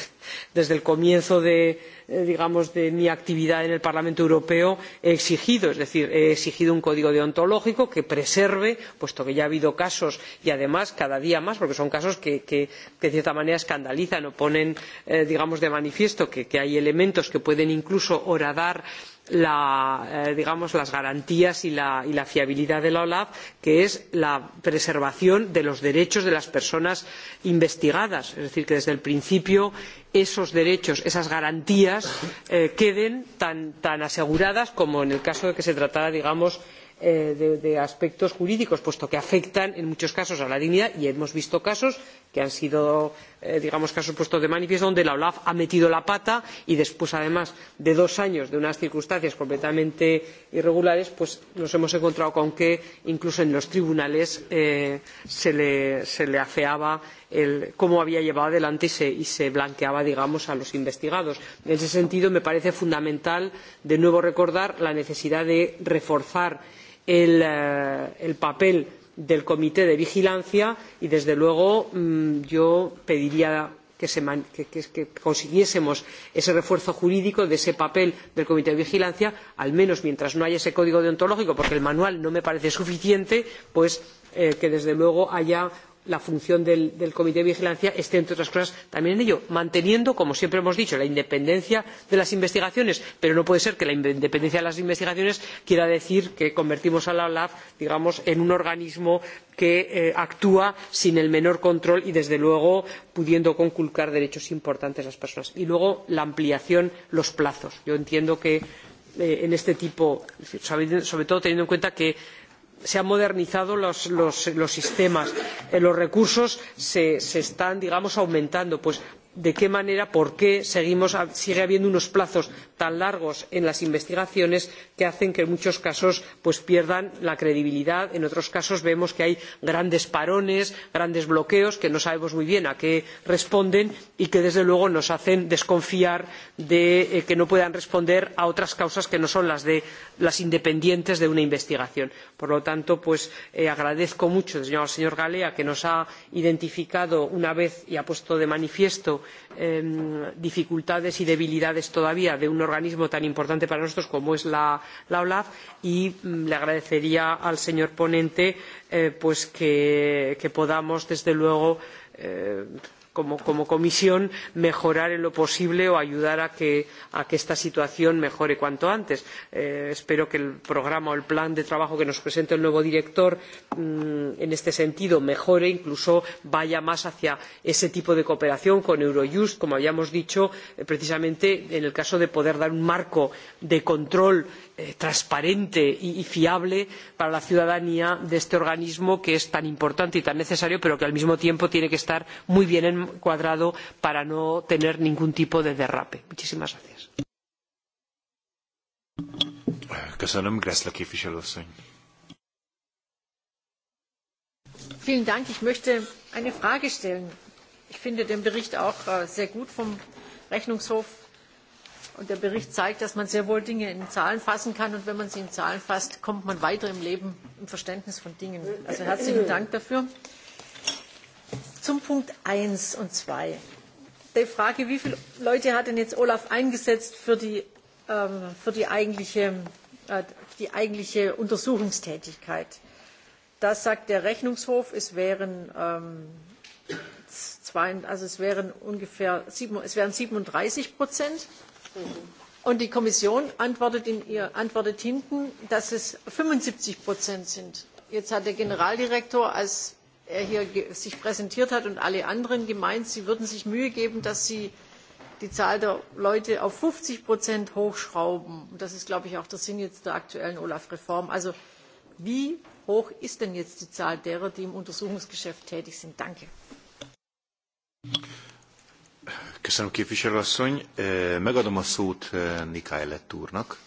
desde el comienzo de, eh, digamos, de mi actividad en el Parlamento Europeo he exigido, es decir, he exigido un código deontológico que preserve, puesto que ya ha habido casos y además cada día más, porque son casos que, que, que de cierta manera escandalizan o ponen, eh, digamos, de manifiesto que, que hay elementos que pueden incluso horadar eh, la, eh, digamos, las garantías y la, y la fiabilidad de la OLAF, que es la preservación de los derechos de las personas investigadas. Es decir, que desde el principio esos derechos, esas garantías eh, queden tan, tan aseguradas como en el caso de que se tratara, digamos, eh, De, de, aspectos jurídicos, puesto que afectan en muchos casos a la dignidad y hemos visto casos que han sido, eh, digamos, casos puestos de manifiesto, donde la OLAF ha metido la pata y después, además de dos años de unas circunstancias completamente irregulares, pues nos hemos encontrado con que incluso en los tribunales eh, se, le, se le afeaba el, cómo había llevado adelante y se, y se blanqueaba, digamos, a los investigados. En ese sentido, me parece fundamental, de nuevo, recordar la necesidad de reforzar el, eh, el papel del comité de vigilancia y desde luego mm, yo pediría que, se, que, que, que consiguiésemos ese refuerzo jurídico de ese papel del comité de vigilancia al menos mientras no haya ese código deontológico porque el manual no me parece suficiente pues eh, que desde luego haya la función del, del Comité de Vigilancia esté, entre otras cosas, también en ello, manteniendo, como siempre hemos dicho, la independencia de las investigaciones, pero no puede ser que la independencia de las investigaciones quiera decir que convertimos a la OLAF, digamos, en un organismo que eh, actúa sin el menor control y, desde luego, pudiendo conculcar derechos importantes a las personas. Y luego, la ampliación, los plazos. Yo entiendo que eh, en este tipo, sobre todo teniendo en cuenta que se han modernizado los, los, los sistemas eh, los recursos se, se están digamos aumentando pues de qué manera, por qué seguimos, sigue habiendo unos plazos tan largos en las investigaciones que hacen que en muchos casos pues, pierdan la credibilidad. En otros casos vemos que hay grandes parones, grandes bloqueos que no sabemos muy bien a qué responden y que desde luego nos hacen desconfiar de eh, que no puedan responder a otras causas que no son las, de, las independientes de una investigación. Por lo tanto, pues, eh, agradezco mucho al señor Galea que nos ha identificado una vez y ha puesto de manifiesto eh, dificultades y debilidades todavía de un organismo tan importante para nosotros como es la, la OLAF y mm, le agradecería al señor ponente eh, pues que, que podamos desde luego eh, como, como comisión mejorar en lo posible o ayudar a que, a que esta situación mejore cuanto antes. Eh, espero que el programa o el plan de trabajo que nos presente el nuevo director mmm, en este sentido mejore, incluso vaya más hacia ese tipo de cooperación con Eurojust, como habíamos dicho, eh, precisamente en el caso de poder dar un marco de control eh, transparente y, y fiable para la ciudadanía de este organismo que es tan importante y tan necesario, pero que al mismo tiempo tiene que estar muy bien en cuadrado para no tener ningún tipo de derrape. Muchísimas gracias. Köszönöm, képviselőasszony. Vielen Dank. Ich möchte eine Frage stellen. Ich finde den Bericht auch äh, sehr gut vom Rechnungshof. Und der Bericht zeigt, dass man sehr wohl Dinge in Zahlen fassen kann. Und wenn man sie in Zahlen fasst, kommt man weiter im Leben, im Verständnis von Dingen. Also herzlichen Dank dafür. Zum Punkt 1 und 2. Die Frage, wie viele Leute hat denn jetzt Olaf eingesetzt für die, ähm, für die, eigentliche, äh, die eigentliche Untersuchungstätigkeit? Das sagt der Rechnungshof, es wären, ähm, zwei, also es wären ungefähr sieben, es wären 37 Prozent. Und die Kommission antwortet, in ihr, antwortet hinten, dass es 75 Prozent sind. Jetzt hat der Generaldirektor als er hier sich präsentiert hat und alle anderen gemeint, sie würden sich Mühe geben, dass sie die Zahl der Leute auf 50 Prozent hochschrauben. Das ist, glaube ich, auch der Sinn jetzt der aktuellen Olaf-Reform. Also wie hoch ist denn jetzt die Zahl derer, die im Untersuchungsgeschäft tätig sind? Danke. Köszönöm képviselőasszony. Megadom a szót úrnak,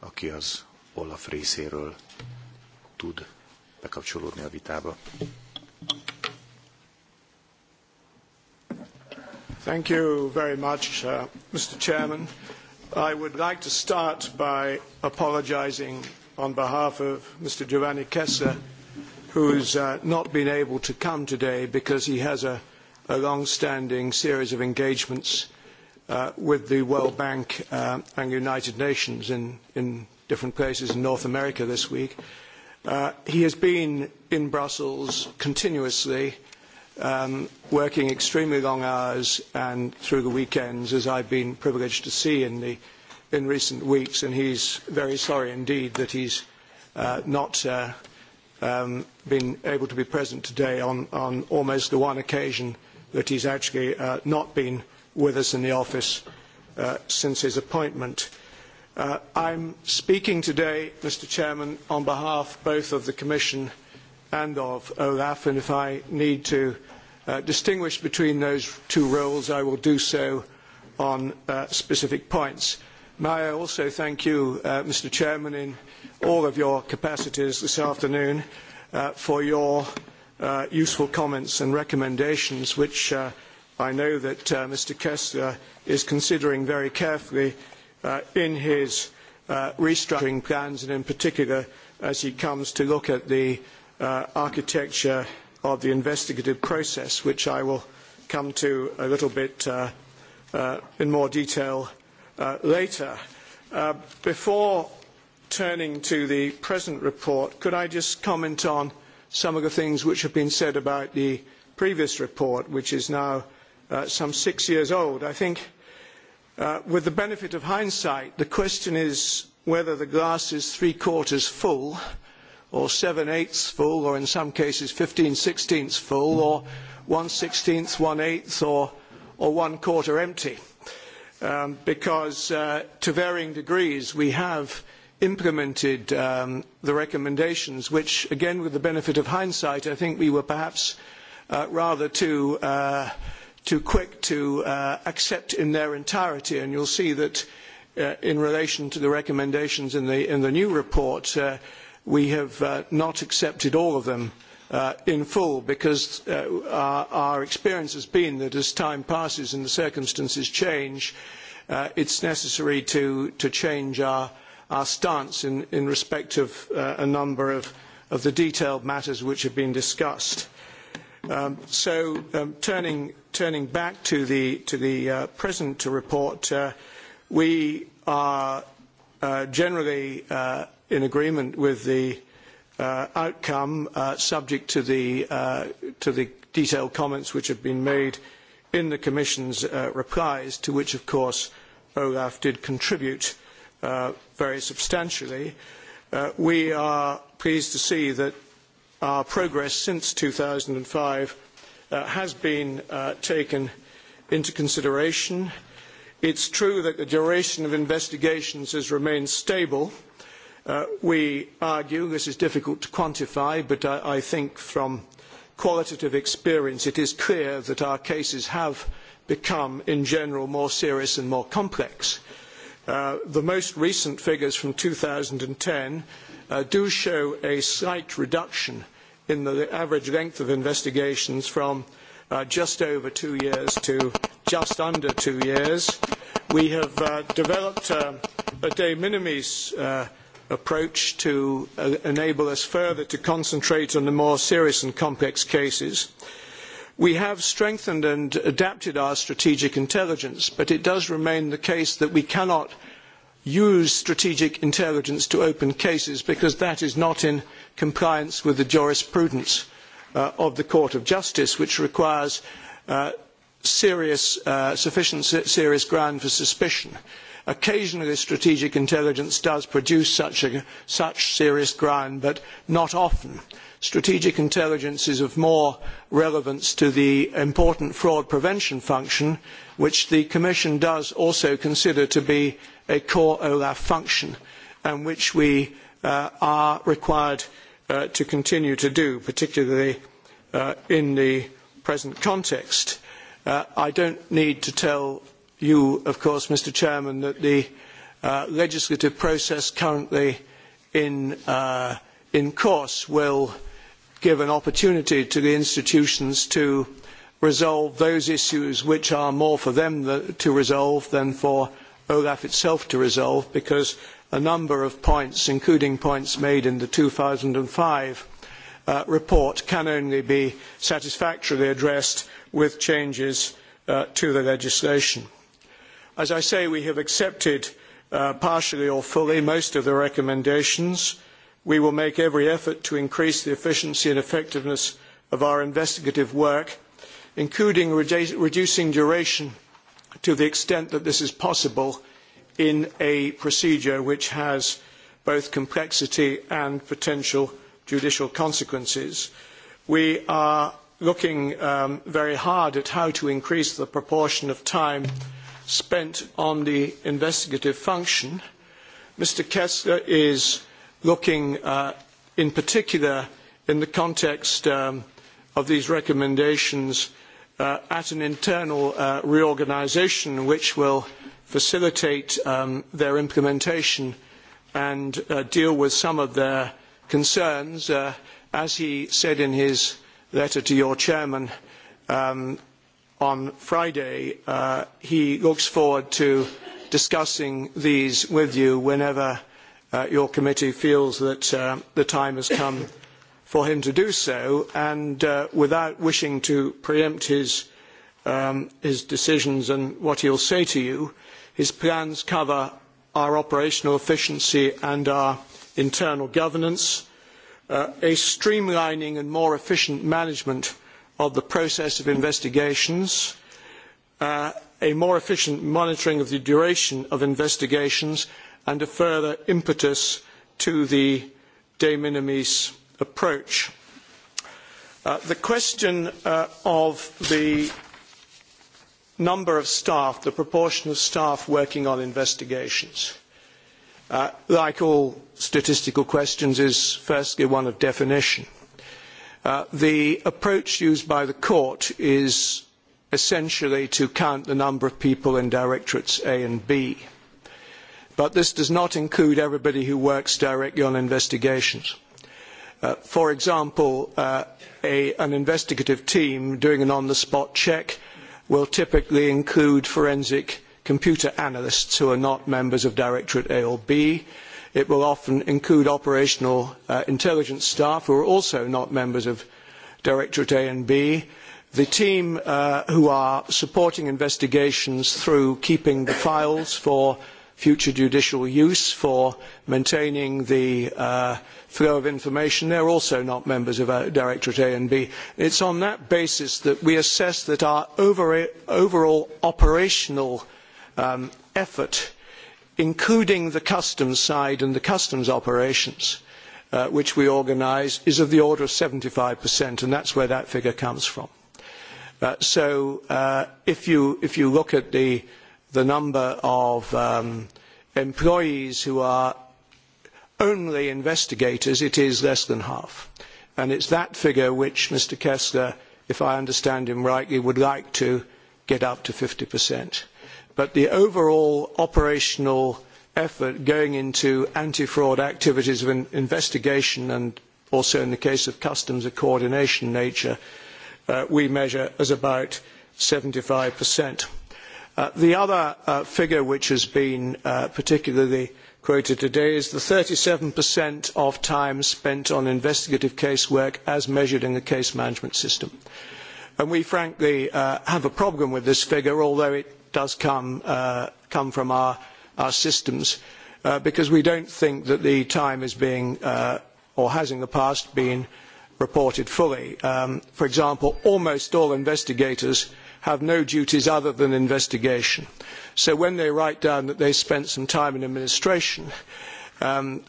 aki az Olaf részéről tud bekapcsolódni a vitába. Thank you very much, uh, Mr. Chairman. I would like to start by apologizing on behalf of Mr. Giovanni Kessler, who's uh, not been able to come today because he has a, a long-standing series of engagements uh, with the World Bank uh, and United Nations in, in different places in North America this week. Uh, he has been in Brussels continuously, um, working extremely long hours and through the weekends, as I have been privileged to see in, the, in recent weeks, and he is very sorry indeed that he has uh, not uh, um, been able to be present today on, on almost the one occasion that he has actually uh, not been with us in the office uh, since his appointment. Uh, I'm speaking today, Mr. Chairman, on behalf both of the Commission and of OLAF, and if I need to uh, distinguish between those two roles, I will do so on uh, specific points. May I also thank you, uh, Mr. Chairman, in all of your capacities this afternoon uh, for your uh, useful comments and recommendations, which uh, I know that uh, Mr. Kessler is considering very carefully Uh, in his uh, restructuring plans and in particular as he comes to look at the uh, architecture of the investigative process, which I will come to a little bit in more detail later. before turning to the present report, could I just comment on some of the things which have been said about the previous report, which is now uh, some six years old. I think Uh, with the benefit of hindsight, the question is whether the glass is three quarters full or seven eighths full or in some cases fifteen sixteenths full or one sixteenth, one eighth or, or one quarter empty. Um, because uh, to varying degrees we have implemented um, the recommendations which again with the benefit of hindsight I think we were perhaps uh, rather too uh, too quick to uh, accept in their entirety, and you will see that uh, in relation to the recommendations in the, in the new report, uh, we have uh, not accepted all of them uh, in full because uh, our, our, experience has been that as time passes and the circumstances change, it is necessary to, to change our, our stance in, in, respect of a number of, of, the detailed matters which have been discussed. Um, so um, turning, turning back to the, to the uh, present report, uh, we are uh, generally uh, in agreement with the uh, outcome uh, subject to the, uh, to the detailed comments which have been made in the Commission's uh, replies, to which, of course, Olaf did contribute uh, very substantially. Uh, we are pleased to see that our progress since two thousand and five uh, has been uh, taken into consideration. It is true that the duration of investigations has remained stable. Uh, we argue this is difficult to quantify, but I, I, think from qualitative experience it is clear that our cases have become, in general, more serious and more complex. Uh, the most recent figures from ten uh, do show a slight reduction in the average length of investigations from uh, just over two years to just under two years. We have uh, developed uh, a de minimis uh, approach to uh, enable us further to concentrate on the more serious and complex cases. We have strengthened and adapted our strategic intelligence, but it does remain the case that we cannot use strategic intelligence to open cases because that is not in compliance with the jurisprudence uh, of the Court of Justice, which requires uh, serious, uh, sufficient serious ground for suspicion. Occasionally, strategic intelligence does produce such, a, such serious ground, but not often strategic intelligence is of more relevance to the important fraud prevention function, which the Commission does also consider to be a core OLAF function, and which we uh, are required uh, to continue to do, particularly uh, in the present context. Uh, I do not need to tell you, of course, Mr. Chairman, that the uh, legislative process currently in, uh, in course will give an opportunity to the institutions to resolve those issues which are more for them to resolve than for Olaf itself to resolve because a number of points, including points made in the two thousand five uh, report, can only be satisfactorily addressed with changes uh, to the legislation. As I say, we have accepted uh, partially or fully most of the recommendations. We will make every effort to increase the efficiency and effectiveness of our investigative work, including redu reducing duration to the extent that this is possible in a procedure which has both complexity and potential judicial consequences. We are looking um, very hard at how to increase the proportion of time spent on the investigative function. Mr Kessler is looking uh, in particular in the context um, of these recommendations uh, at an internal uh, reorganisation which will facilitate um, their implementation and uh, deal with some of their concerns. Uh, as he said in his letter to your chairman um, on Friday, uh, he looks forward to discussing these with you whenever uh, your committee feels that uh, the time has come for him to do so and uh, without wishing to preempt his, um, his decisions and what he will say to you, his plans cover our operational efficiency and our internal governance, uh, a streamlining and more efficient management of the process of investigations, uh, a more efficient monitoring of the duration of investigations and a further impetus to the de minimis approach. Uh, the question uh, of the number of staff, the proportion of staff working on investigations, uh, like all statistical questions, is firstly one of definition. Uh, the approach used by the court is essentially to count the number of people in directorates A and B but this does not include everybody who works directly on investigations. Uh, for example, uh, a, an investigative team doing an on-the-spot check will typically include forensic computer analysts who are not members of Directorate A or B. It will often include operational uh, intelligence staff who are also not members of Directorate A and B. The team uh, who are supporting investigations through keeping the files for future judicial use for maintaining the uh, flow of information. They are also not members of Directorate A and B. It is on that basis that we assess that our overall operational um, effort, including the customs side and the customs operations, uh, which we organise, is of the order of seventy 75%, and that is where that figure comes from. Uh, so uh, if you, if, you, look at the the number of um, employees who are only investigators, it is less than half. And it is that figure which Mr. Kessler, if I understand him rightly, would like to get up to 50%. But the overall operational effort going into anti-fraud activities of investigation and also in the case of customs of coordination nature, uh, we measure as about 75%. Uh, the other uh, figure which has been uh, particularly quoted today is the thirty 37% of time spent on investigative casework as measured in the case management system. And we frankly uh, have a problem with this figure, although it does come, uh, come from our, our systems, uh, because we do not think that the time is being, or has in the past been, reported fully. Um, for example, almost all investigators have no duties other than investigation. So when they write down that they spent some time in administration, um,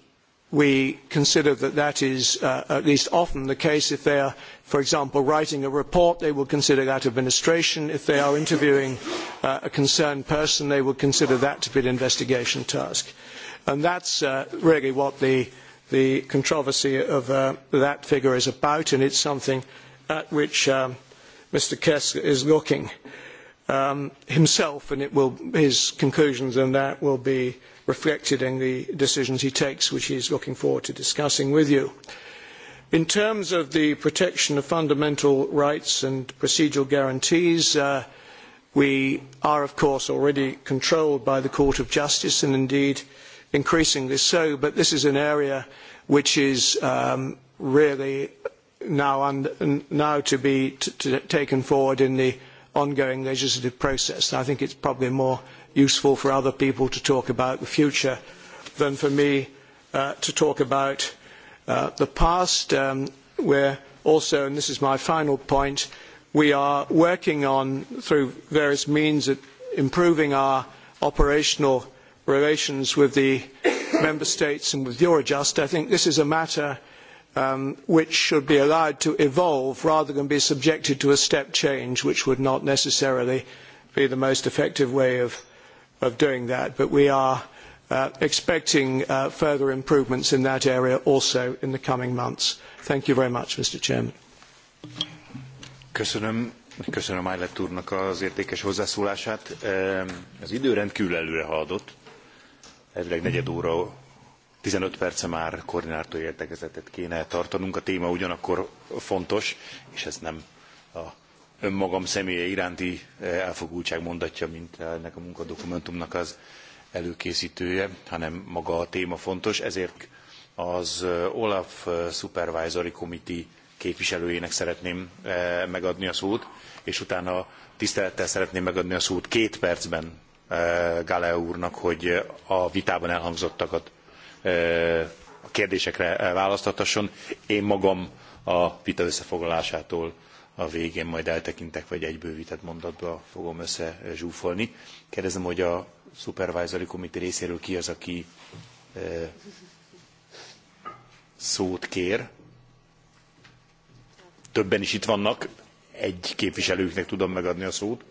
we consider that that is uh, at least often the case. If they are, for example, writing a report, they will consider that administration. If they are interviewing uh, a concerned person, they will consider that to be an investigation task. And that's uh, really what the, the controversy of uh, that figure is about, and it's something at which um, – Mr. Kesk is looking um, himself, and will, his conclusions on that will be reflected in the decisions he takes, which he is looking forward to discussing with you. In terms of the protection of fundamental rights and procedural guarantees, uh, we are, of course, already controlled by the Court of Justice, and indeed increasingly so, but this is an area which is um, really now, and, now to be t t taken forward in the ongoing legislative process. I think it is probably more useful for other people to talk about the future than for me uh, to talk about uh, the past. Um, are also, and this is my final point, we are working on, through various means, at improving our operational relations with the member states and with Eurojust. I think this is a matter um, which should be allowed to evolve rather than be subjected to a step change, which would not necessarily be the most effective way of, of doing that. But we are uh, expecting uh, further improvements in that area also in the coming months. Thank you very much, Mr. Chairman. Köszönöm. Köszönöm Eilert úrnak az értékes hozzászólását. Az idő rendkívül előre haladott, elvileg negyed óra 15 perce már koordinátor értekezetet kéne tartanunk. A téma ugyanakkor fontos, és ez nem a önmagam személye iránti eh, elfogultság mondatja, mint ennek a munkadokumentumnak az előkészítője, hanem maga a téma fontos. Ezért az eh, Olaf eh, Supervisory Committee képviselőjének szeretném megadni a szót, és utána tisztelettel szeretném megadni a szót két percben Gale úrnak, hogy a vitában elhangzottakat kérdésekre választatasson. Én magam a vita összefoglalásától a végén majd eltekintek, vagy egy bővített mondatba fogom összezsúfolni. Kérdezem, hogy a supervisory committee részéről ki az, aki szót kér. Többen is itt vannak, egy képviselőknek tudom megadni a szót.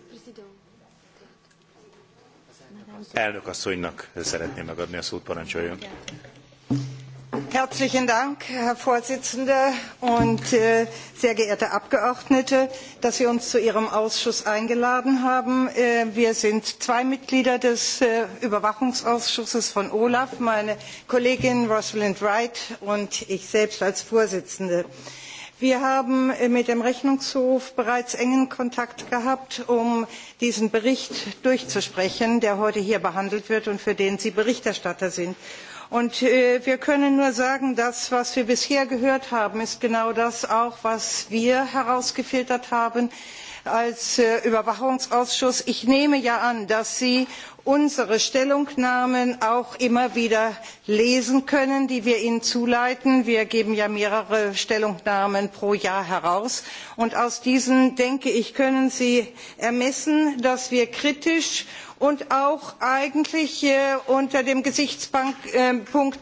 Elnök asszonynak szeretném megadni a szót, parancsoljon. Herzlichen Dank, Herr Vorsitzender und äh, sehr geehrte Abgeordnete, dass Sie uns zu Ihrem Ausschuss eingeladen haben. Äh, wir sind zwei Mitglieder des äh, Überwachungsausschusses von Olaf, meine Kollegin Rosalind Wright und ich selbst als Vorsitzende. Äh, Wir haben äh, mit dem Rechnungshof bereits engen Kontakt gehabt, um diesen Bericht durchzusprechen, der heute hier behandelt wird und für den Sie Berichterstatter sind. Und äh, wir können nur sagen, das, was wir bisher gehört haben, ist genau das auch, was wir herausgefiltert haben als äh, Überwachungsausschuss. Ich nehme ja an, dass Sie unsere Stellungnahmen auch immer wieder lesen können, die wir Ihnen zuleiten. Wir geben ja mehrere Stellungnahmen pro Jahr heraus. Und aus diesen, denke ich, können Sie ermessen, dass wir kritisch und auch eigentlich äh, unter dem Gesichtspunkt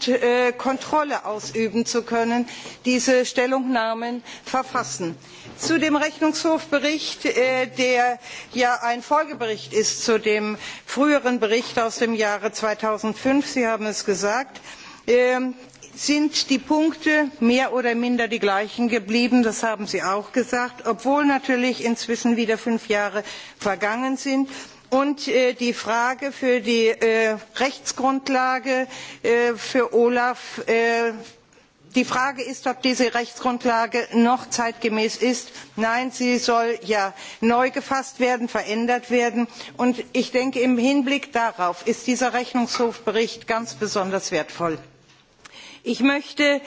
äh, äh, Kontrolle ausüben zu können, diese Stellungnahmen verfassen. Zu dem Rechnungshofbericht, der ja ein Folgebericht ist zu dem früheren Bericht aus dem Jahre 2005, Sie haben es gesagt, ähm, sind die Punkte mehr oder minder die gleichen geblieben, das haben Sie auch gesagt, obwohl natürlich inzwischen wieder fünf Jahre vergangen sind und äh, die Frage für die äh, Rechtsgrundlage äh, für Olaf. Äh, die Frage ist, ob diese Rechtsgrundlage noch zeitgemäß ist. Nein, sie soll ja neu gefasst werden, verändert werden. Und ich denke, im Hinblick darauf ist dieser Rechnungshofbericht ganz besonders wertvoll. Ich möchte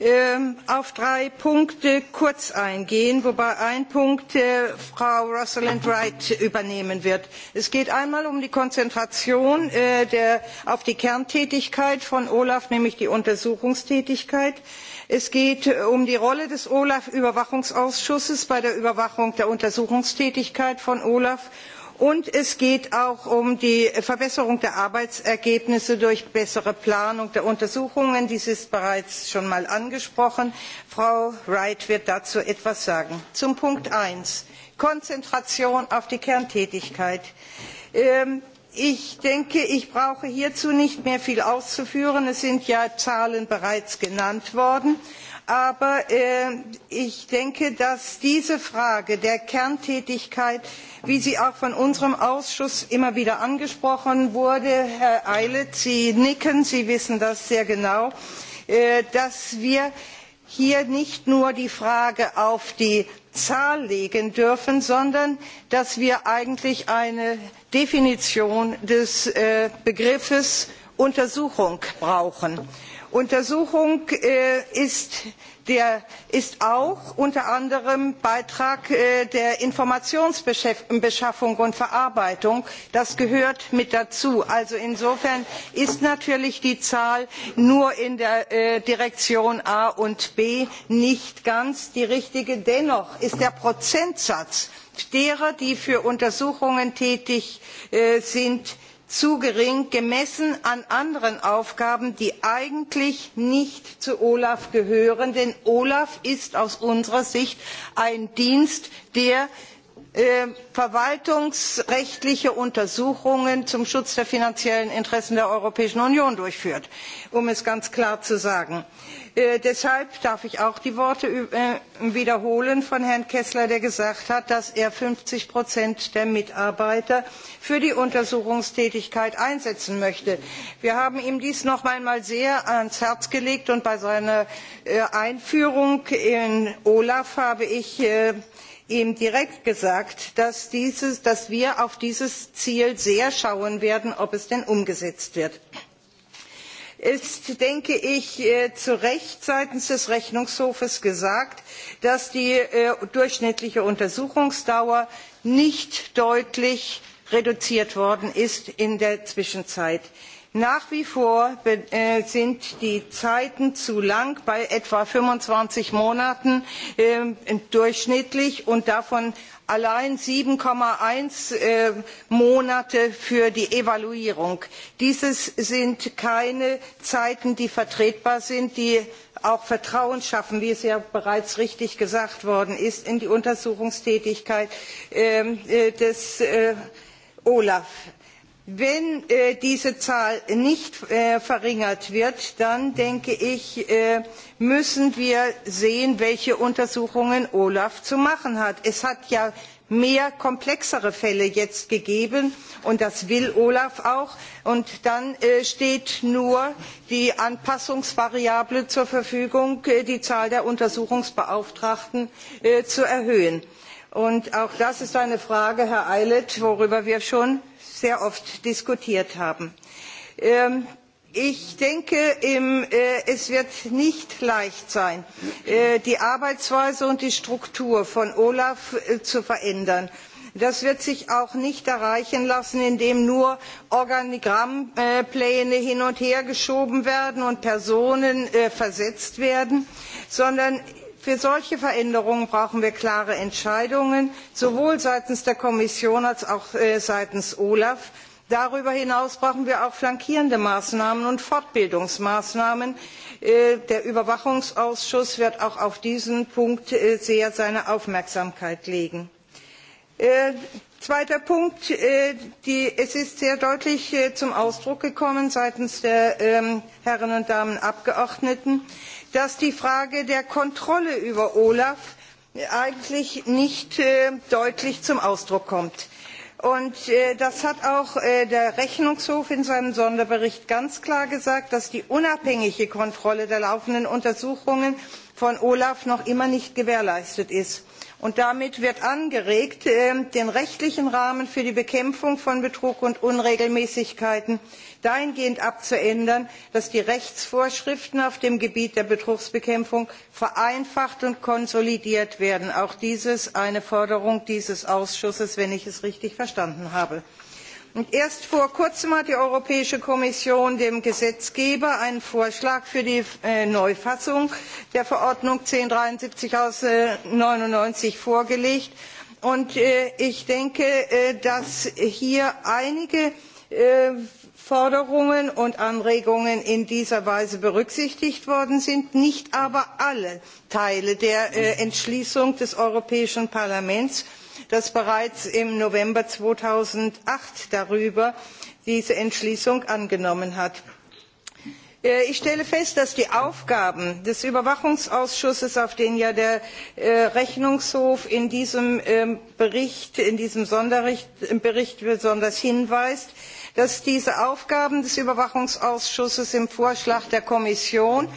ähm, auf drei Punkte kurz eingehen, wobei ein Punkt äh, Frau Rosalind Wright übernehmen wird. Es geht einmal um die Konzentration äh, der, auf die Kerntätigkeit von Olaf, nämlich die Untersuchungstätigkeit. Es geht äh, um die Rolle des Olaf-Überwachungsausschusses bei der Überwachung der Untersuchungstätigkeit von Olaf Und es geht auch um die Verbesserung der Arbeitsergebnisse durch bessere Planung der Untersuchungen. Dies ist bereits schon mal angesprochen. Frau Wright wird dazu etwas sagen. Zum Punkt eins Konzentration auf die Kerntätigkeit. Ähm, Ich denke, ich brauche hierzu nicht mehr viel auszuführen. Es sind ja Zahlen bereits genannt worden. Aber äh, ich denke, dass diese Frage der Kerntätigkeit, wie sie auch von unserem Ausschuss immer wieder angesprochen wurde, Herr Eilert, Sie nicken, Sie wissen das sehr genau, äh, dass wir hier nicht nur die Frage auf die Zahl legen dürfen, sondern dass wir eigentlich eine Definition des äh, Begriffes Untersuchung brauchen. Untersuchung äh, ist, der, ist auch unter anderem Beitrag äh, der Informationsbeschaffung und Verarbeitung. Das gehört mit dazu. Also insofern ist natürlich die Zahl nur in der äh, Direktion A und B nicht ganz die richtige. Dennoch ist der Prozentsatz derer, die für Untersuchungen tätig äh, sind, zu gering gemessen an anderen Aufgaben, die eigentlich nicht zu Olaf gehören. Denn Olaf ist aus unserer Sicht ein Dienst, der äh, verwaltungsrechtliche Untersuchungen zum Schutz der finanziellen Interessen der Europäischen Union durchführt, um es ganz klar zu sagen. Äh, deshalb darf ich auch die Worte äh, wiederholen von Herrn Kessler, der gesagt hat, dass er fünfzig der Mitarbeiter für die Untersuchungstätigkeit einsetzen möchte. Wir haben ihm dies noch einmal sehr ans Herz gelegt und bei seiner äh, Einführung in Olaf habe ich ihm direkt gesagt, dass, dieses, dass wir auf dieses Ziel sehr schauen werden, ob es denn umgesetzt wird ist, denke ich, äh, zu Recht seitens des Rechnungshofes gesagt, dass die äh, durchschnittliche Untersuchungsdauer nicht deutlich reduziert worden ist in der Zwischenzeit. Nach wie vor äh, sind die Zeiten zu lang bei etwa 25 Monaten ähm, durchschnittlich und davon allein sieben eins äh, Monate für die Evaluierung. Dies sind keine Zeiten, die vertretbar sind, die auch Vertrauen schaffen, wie es ja bereits richtig gesagt worden ist, in die Untersuchungstätigkeit ähm, äh, des äh, Olaf. Wenn äh, diese Zahl nicht äh, verringert wird, dann denke ich, äh, müssen wir sehen, welche Untersuchungen Olaf zu machen hat. Es hat ja mehr komplexere Fälle jetzt gegeben und das will Olaf auch. Und dann äh, steht nur die Anpassungsvariable zur Verfügung, äh, die Zahl der Untersuchungsbeauftragten äh, zu erhöhen. Und auch das ist eine Frage, Herr Eilert, worüber wir schon sehr oft diskutiert haben. Ähm, ich denke, im, äh, es wird nicht leicht sein, äh, die Arbeitsweise und die Struktur von Olaf äh, zu verändern. Das wird sich auch nicht erreichen lassen, indem nur Organigrammpläne hin und her geschoben werden und Personen äh, versetzt werden, sondern Für solche Veränderungen brauchen wir klare Entscheidungen, sowohl seitens der Kommission als auch äh, seitens Olaf. Darüber hinaus brauchen wir auch flankierende Maßnahmen und Fortbildungsmaßnahmen. Äh, der Überwachungsausschuss wird auch auf diesen Punkt äh, sehr seine Aufmerksamkeit legen. Zweiter Punkt. Die, es ist sehr deutlich zum Ausdruck gekommen seitens der ähm, Herren und Damen Abgeordneten, dass die Frage der Kontrolle über Olaf eigentlich nicht äh, deutlich zum Ausdruck kommt. Und äh, das hat auch äh, der Rechnungshof in seinem Sonderbericht ganz klar gesagt, dass die unabhängige Kontrolle der laufenden Untersuchungen von Olaf noch immer nicht gewährleistet ist. Und damit wird angeregt, äh, den rechtlichen Rahmen für die Bekämpfung von Betrug und Unregelmäßigkeiten dahingehend abzuändern, dass die Rechtsvorschriften auf dem Gebiet der Betrugsbekämpfung vereinfacht und konsolidiert werden. Auch dies ist eine Forderung dieses Ausschusses, wenn ich es richtig verstanden habe. erst vor kurzem hat die Europäische Kommission dem Gesetzgeber einen Vorschlag für die äh, Neufassung der Verordnung 1073 aus äh, vorgelegt. Und äh, ich denke, äh, dass hier einige Forderungen und Anregungen in dieser Weise berücksichtigt worden sind, nicht aber alle Teile der äh, Entschließung des Europäischen Parlaments, das bereits im November 2008 darüber diese Entschließung angenommen hat. Äh, ich stelle fest, dass die Aufgaben des Überwachungsausschusses, auf den ja der äh, Rechnungshof in diesem ähm, Bericht, in diesem Sonderbericht besonders hinweist, dass diese Aufgaben des Überwachungsausschusses im Vorschlag der Kommission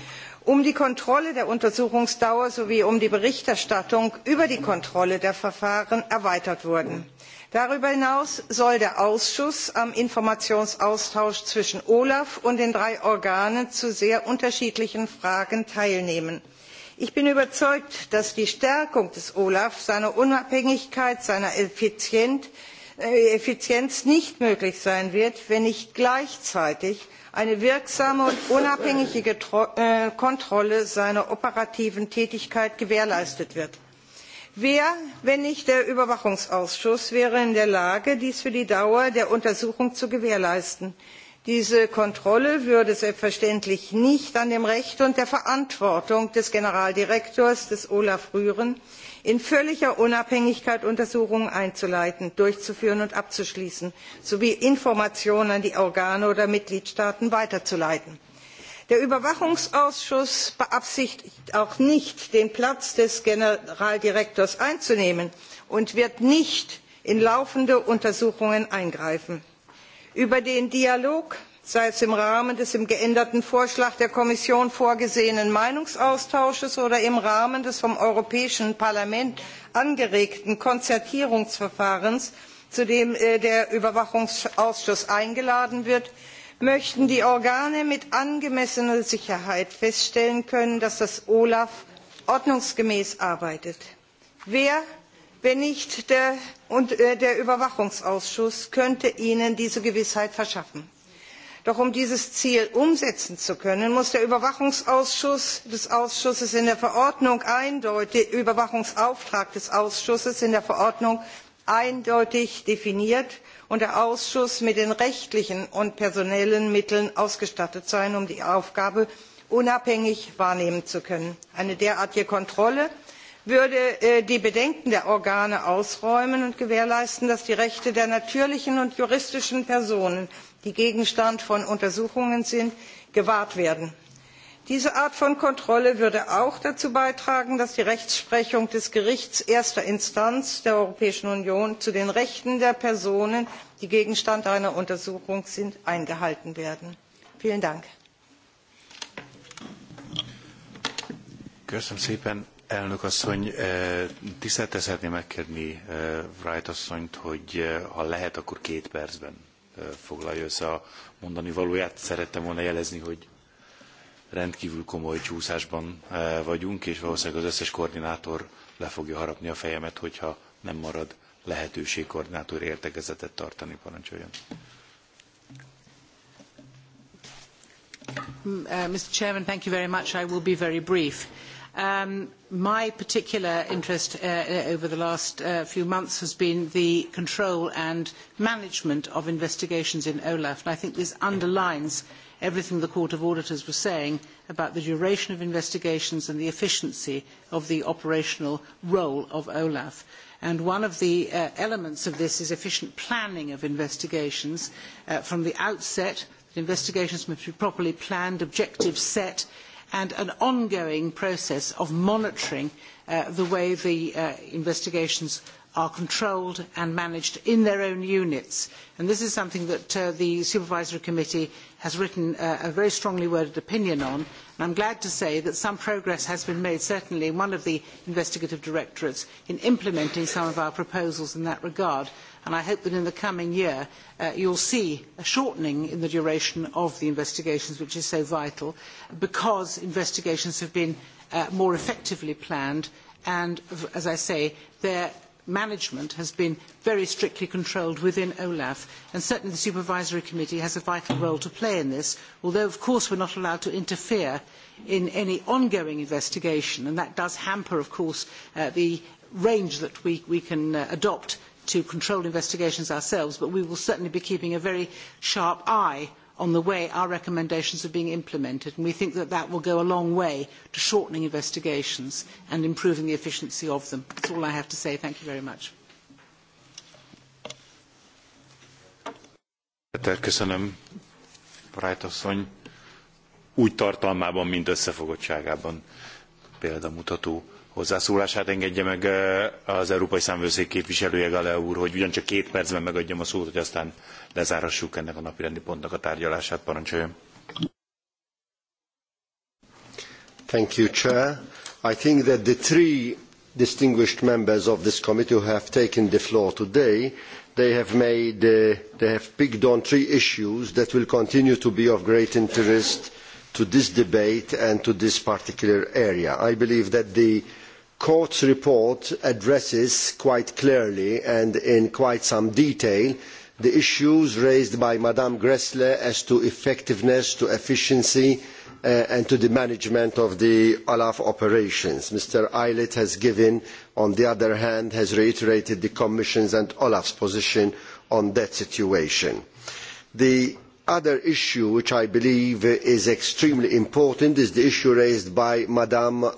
um die Kontrolle der Untersuchungsdauer sowie um die Berichterstattung über die Kontrolle der Verfahren erweitert wurden. Darüber hinaus soll der Ausschuss am Informationsaustausch zwischen Olaf und den drei Organen zu sehr unterschiedlichen Fragen teilnehmen. Ich bin überzeugt, dass die Stärkung des Olaf, seiner Unabhängigkeit, seiner Effizienz Äh, Effizienz nicht möglich sein wird, wenn nicht gleichzeitig eine wirksame und unabhängige Getro äh, Kontrolle seiner operativen Tätigkeit gewährleistet wird. Wer, wenn nicht der Überwachungsausschuss, wäre in der Lage, dies für die Dauer der Untersuchung zu gewährleisten? Diese Kontrolle würde selbstverständlich nicht an dem Recht und der Verantwortung des Generaldirektors des Olaf rühren, in völliger Unabhängigkeit Untersuchungen einzuleiten, durchzuführen und abzuschließen, sowie Informationen an die Organe oder Mitgliedstaaten weiterzuleiten. Der Überwachungsausschuss beabsichtigt auch nicht, den Platz des Generaldirektors einzunehmen und wird nicht in laufende Untersuchungen eingreifen. Über den Dialog sei es im Rahmen des im geänderten Vorschlag der Kommission vorgesehenen Meinungsaustausches oder im Rahmen des vom Europäischen Parlament angeregten Konzertierungsverfahrens, zu dem äh, der Überwachungsausschuss eingeladen wird, möchten die Organe mit angemessener Sicherheit feststellen können, dass das Olaf ordnungsgemäß arbeitet. Wer, wenn nicht der, und, äh, der Überwachungsausschuss, könnte Ihnen diese Gewissheit verschaffen? Doch um dieses Ziel umsetzen zu können, muss der Überwachungsausschuss des Ausschusses in der Verordnung eindeutig, Überwachungsauftrag des Ausschusses in der Verordnung eindeutig definiert und der Ausschuss mit den rechtlichen und personellen Mitteln ausgestattet sein, um die Aufgabe unabhängig wahrnehmen zu können. Eine derartige Kontrolle würde äh, die Bedenken der Organe ausräumen und gewährleisten, dass die Rechte der natürlichen und juristischen Personen die Gegenstand von Untersuchungen sind, gewahrt werden. Diese Art von Kontrolle würde auch dazu beitragen, dass die Rechtsprechung des Gerichts erster Instanz der Europäischen Union zu den Rechten der Personen, die Gegenstand einer Untersuchung sind, eingehalten werden. Vielen Dank. Köszönöm szépen, elnök asszony. Eh, Tisztelte szeretném megkérni eh, Wright asszonyt, hogy eh, ha lehet, akkor két percben foglalja össze a mondani valóját. Szerettem volna jelezni, hogy rendkívül komoly csúszásban vagyunk, és valószínűleg az összes koordinátor le fogja harapni a fejemet, hogyha nem marad lehetőség koordinátor értekezetet tartani, parancsoljon. Mm, uh, Mr. Chairman, thank you very much. I will be very brief. Um, my particular interest uh, uh, over the last uh, few months has been the control and management of investigations in OLAF, and I think this underlines everything the Court of Auditors was saying about the duration of investigations and the efficiency of the operational role of OLAF. And one of the uh, elements of this is efficient planning of investigations uh, from the outset. that Investigations must be properly planned, objectives set, and an ongoing process of monitoring uh, the way the uh, investigations are controlled and managed in their own units. And this is something that uh, the Supervisory Committee has written uh, a very strongly worded opinion on. And I am glad to say that some progress has been made, certainly in one of the investigative directorates, in implementing some of our proposals in that regard and I hope that in the coming year uh, you will see a shortening in the duration of the investigations, which is so vital, because investigations have been uh, more effectively planned and, as I say, their management has been very strictly controlled within OLAF, and certainly the Supervisory Committee has a vital role to play in this, although, of course, we are not allowed to interfere in any ongoing investigation, and that does hamper, of course, uh, the range that we, we can uh, adopt to control investigations ourselves, but we will certainly be keeping a very sharp eye on the way our recommendations are being implemented, and we think that that will go a long way to shortening investigations and improving the efficiency of them. That is all I have to say. Thank you very much. Köszönöm, asszony, úgy tartalmában, mint összefogottságában példamutató hozzászólását engedje meg az Európai Számvőszék képviselője Gale úr, hogy ugyancsak két percben megadjam a szót, hogy aztán lezárhassuk ennek a napirendi pontnak a tárgyalását. Parancsoljon. Thank you, Chair. I think that the three distinguished members of this committee who have taken the floor today, they have made, uh, they have picked on three issues that will continue to be of great interest to this debate and to this particular area. I believe that the court's report addresses quite clearly and in quite some detail the issues raised by Ms Gressle as to effectiveness, to efficiency uh, and to the management of the Olaf operations. Mr Eilert has given, on the other hand, has reiterated the Commission's and Olaf's position on that situation. The other issue which I believe is extremely important is the issue raised by Ms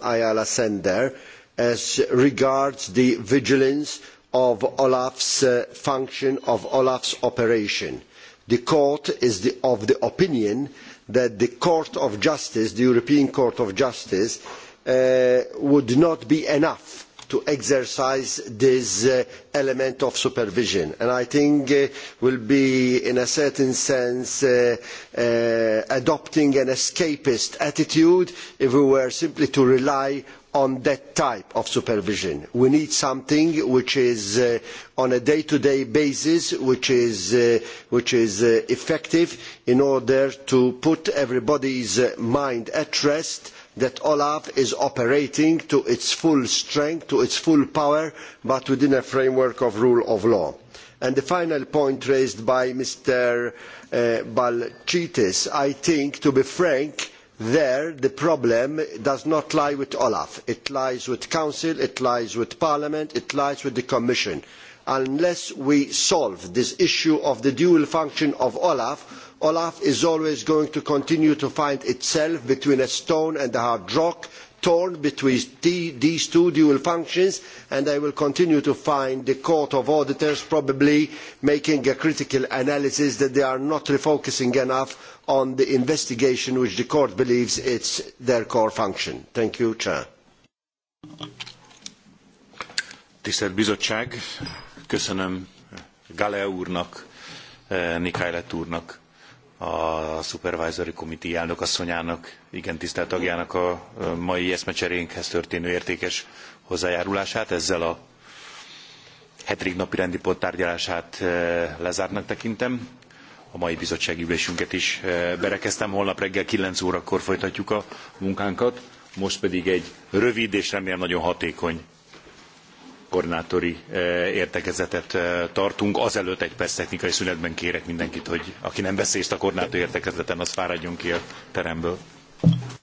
Ayala Sender as regards the vigilance of Olaf's uh, function of Olaf's operation. The court is the, of the opinion that the Court of Justice, the European Court of Justice, uh, would not be enough to exercise this uh, element of supervision. And I think uh, will be, in a certain sense, uh, uh adopting an escapist attitude if we were simply to rely on that type of supervision. We need something which is uh, on a day-to-day -day basis, which is, uh, which is uh, effective in order to put everybody's uh, mind at rest that Olaf is operating to its full strength, to its full power, but within a framework of rule of law. And the final point raised by Mr. Uh, Balchitis, I think, to be frank, there the problem does not lie with olaf it lies with the council it lies with parliament it lies with the commission unless we solve this issue of the dual function of olaf olaf is always going to continue to find itself between a stone and a hard rock torn between these two dual functions and I will continue to find the Court of Auditors probably making a critical analysis that they are not refocusing enough on the investigation which the Court believes is their core function. Thank you, Chair. Tisztelt Bizottság, köszönöm Gale úrnak, eh, úrnak a Supervisory Committee elnökasszonyának, igen tisztelt tagjának a mai eszmecserénkhez történő értékes hozzájárulását. Ezzel a hetedik napi rendi pont tárgyalását lezártnak tekintem. A mai bizottsági ülésünket is berekeztem. Holnap reggel 9 órakor folytatjuk a munkánkat. Most pedig egy rövid és remélem nagyon hatékony koordinátori eh, értekezetet eh, tartunk. Azelőtt egy perc technikai szünetben kérek mindenkit, hogy aki nem beszélt a koordinátori értekezeten, az fáradjon ki a teremből.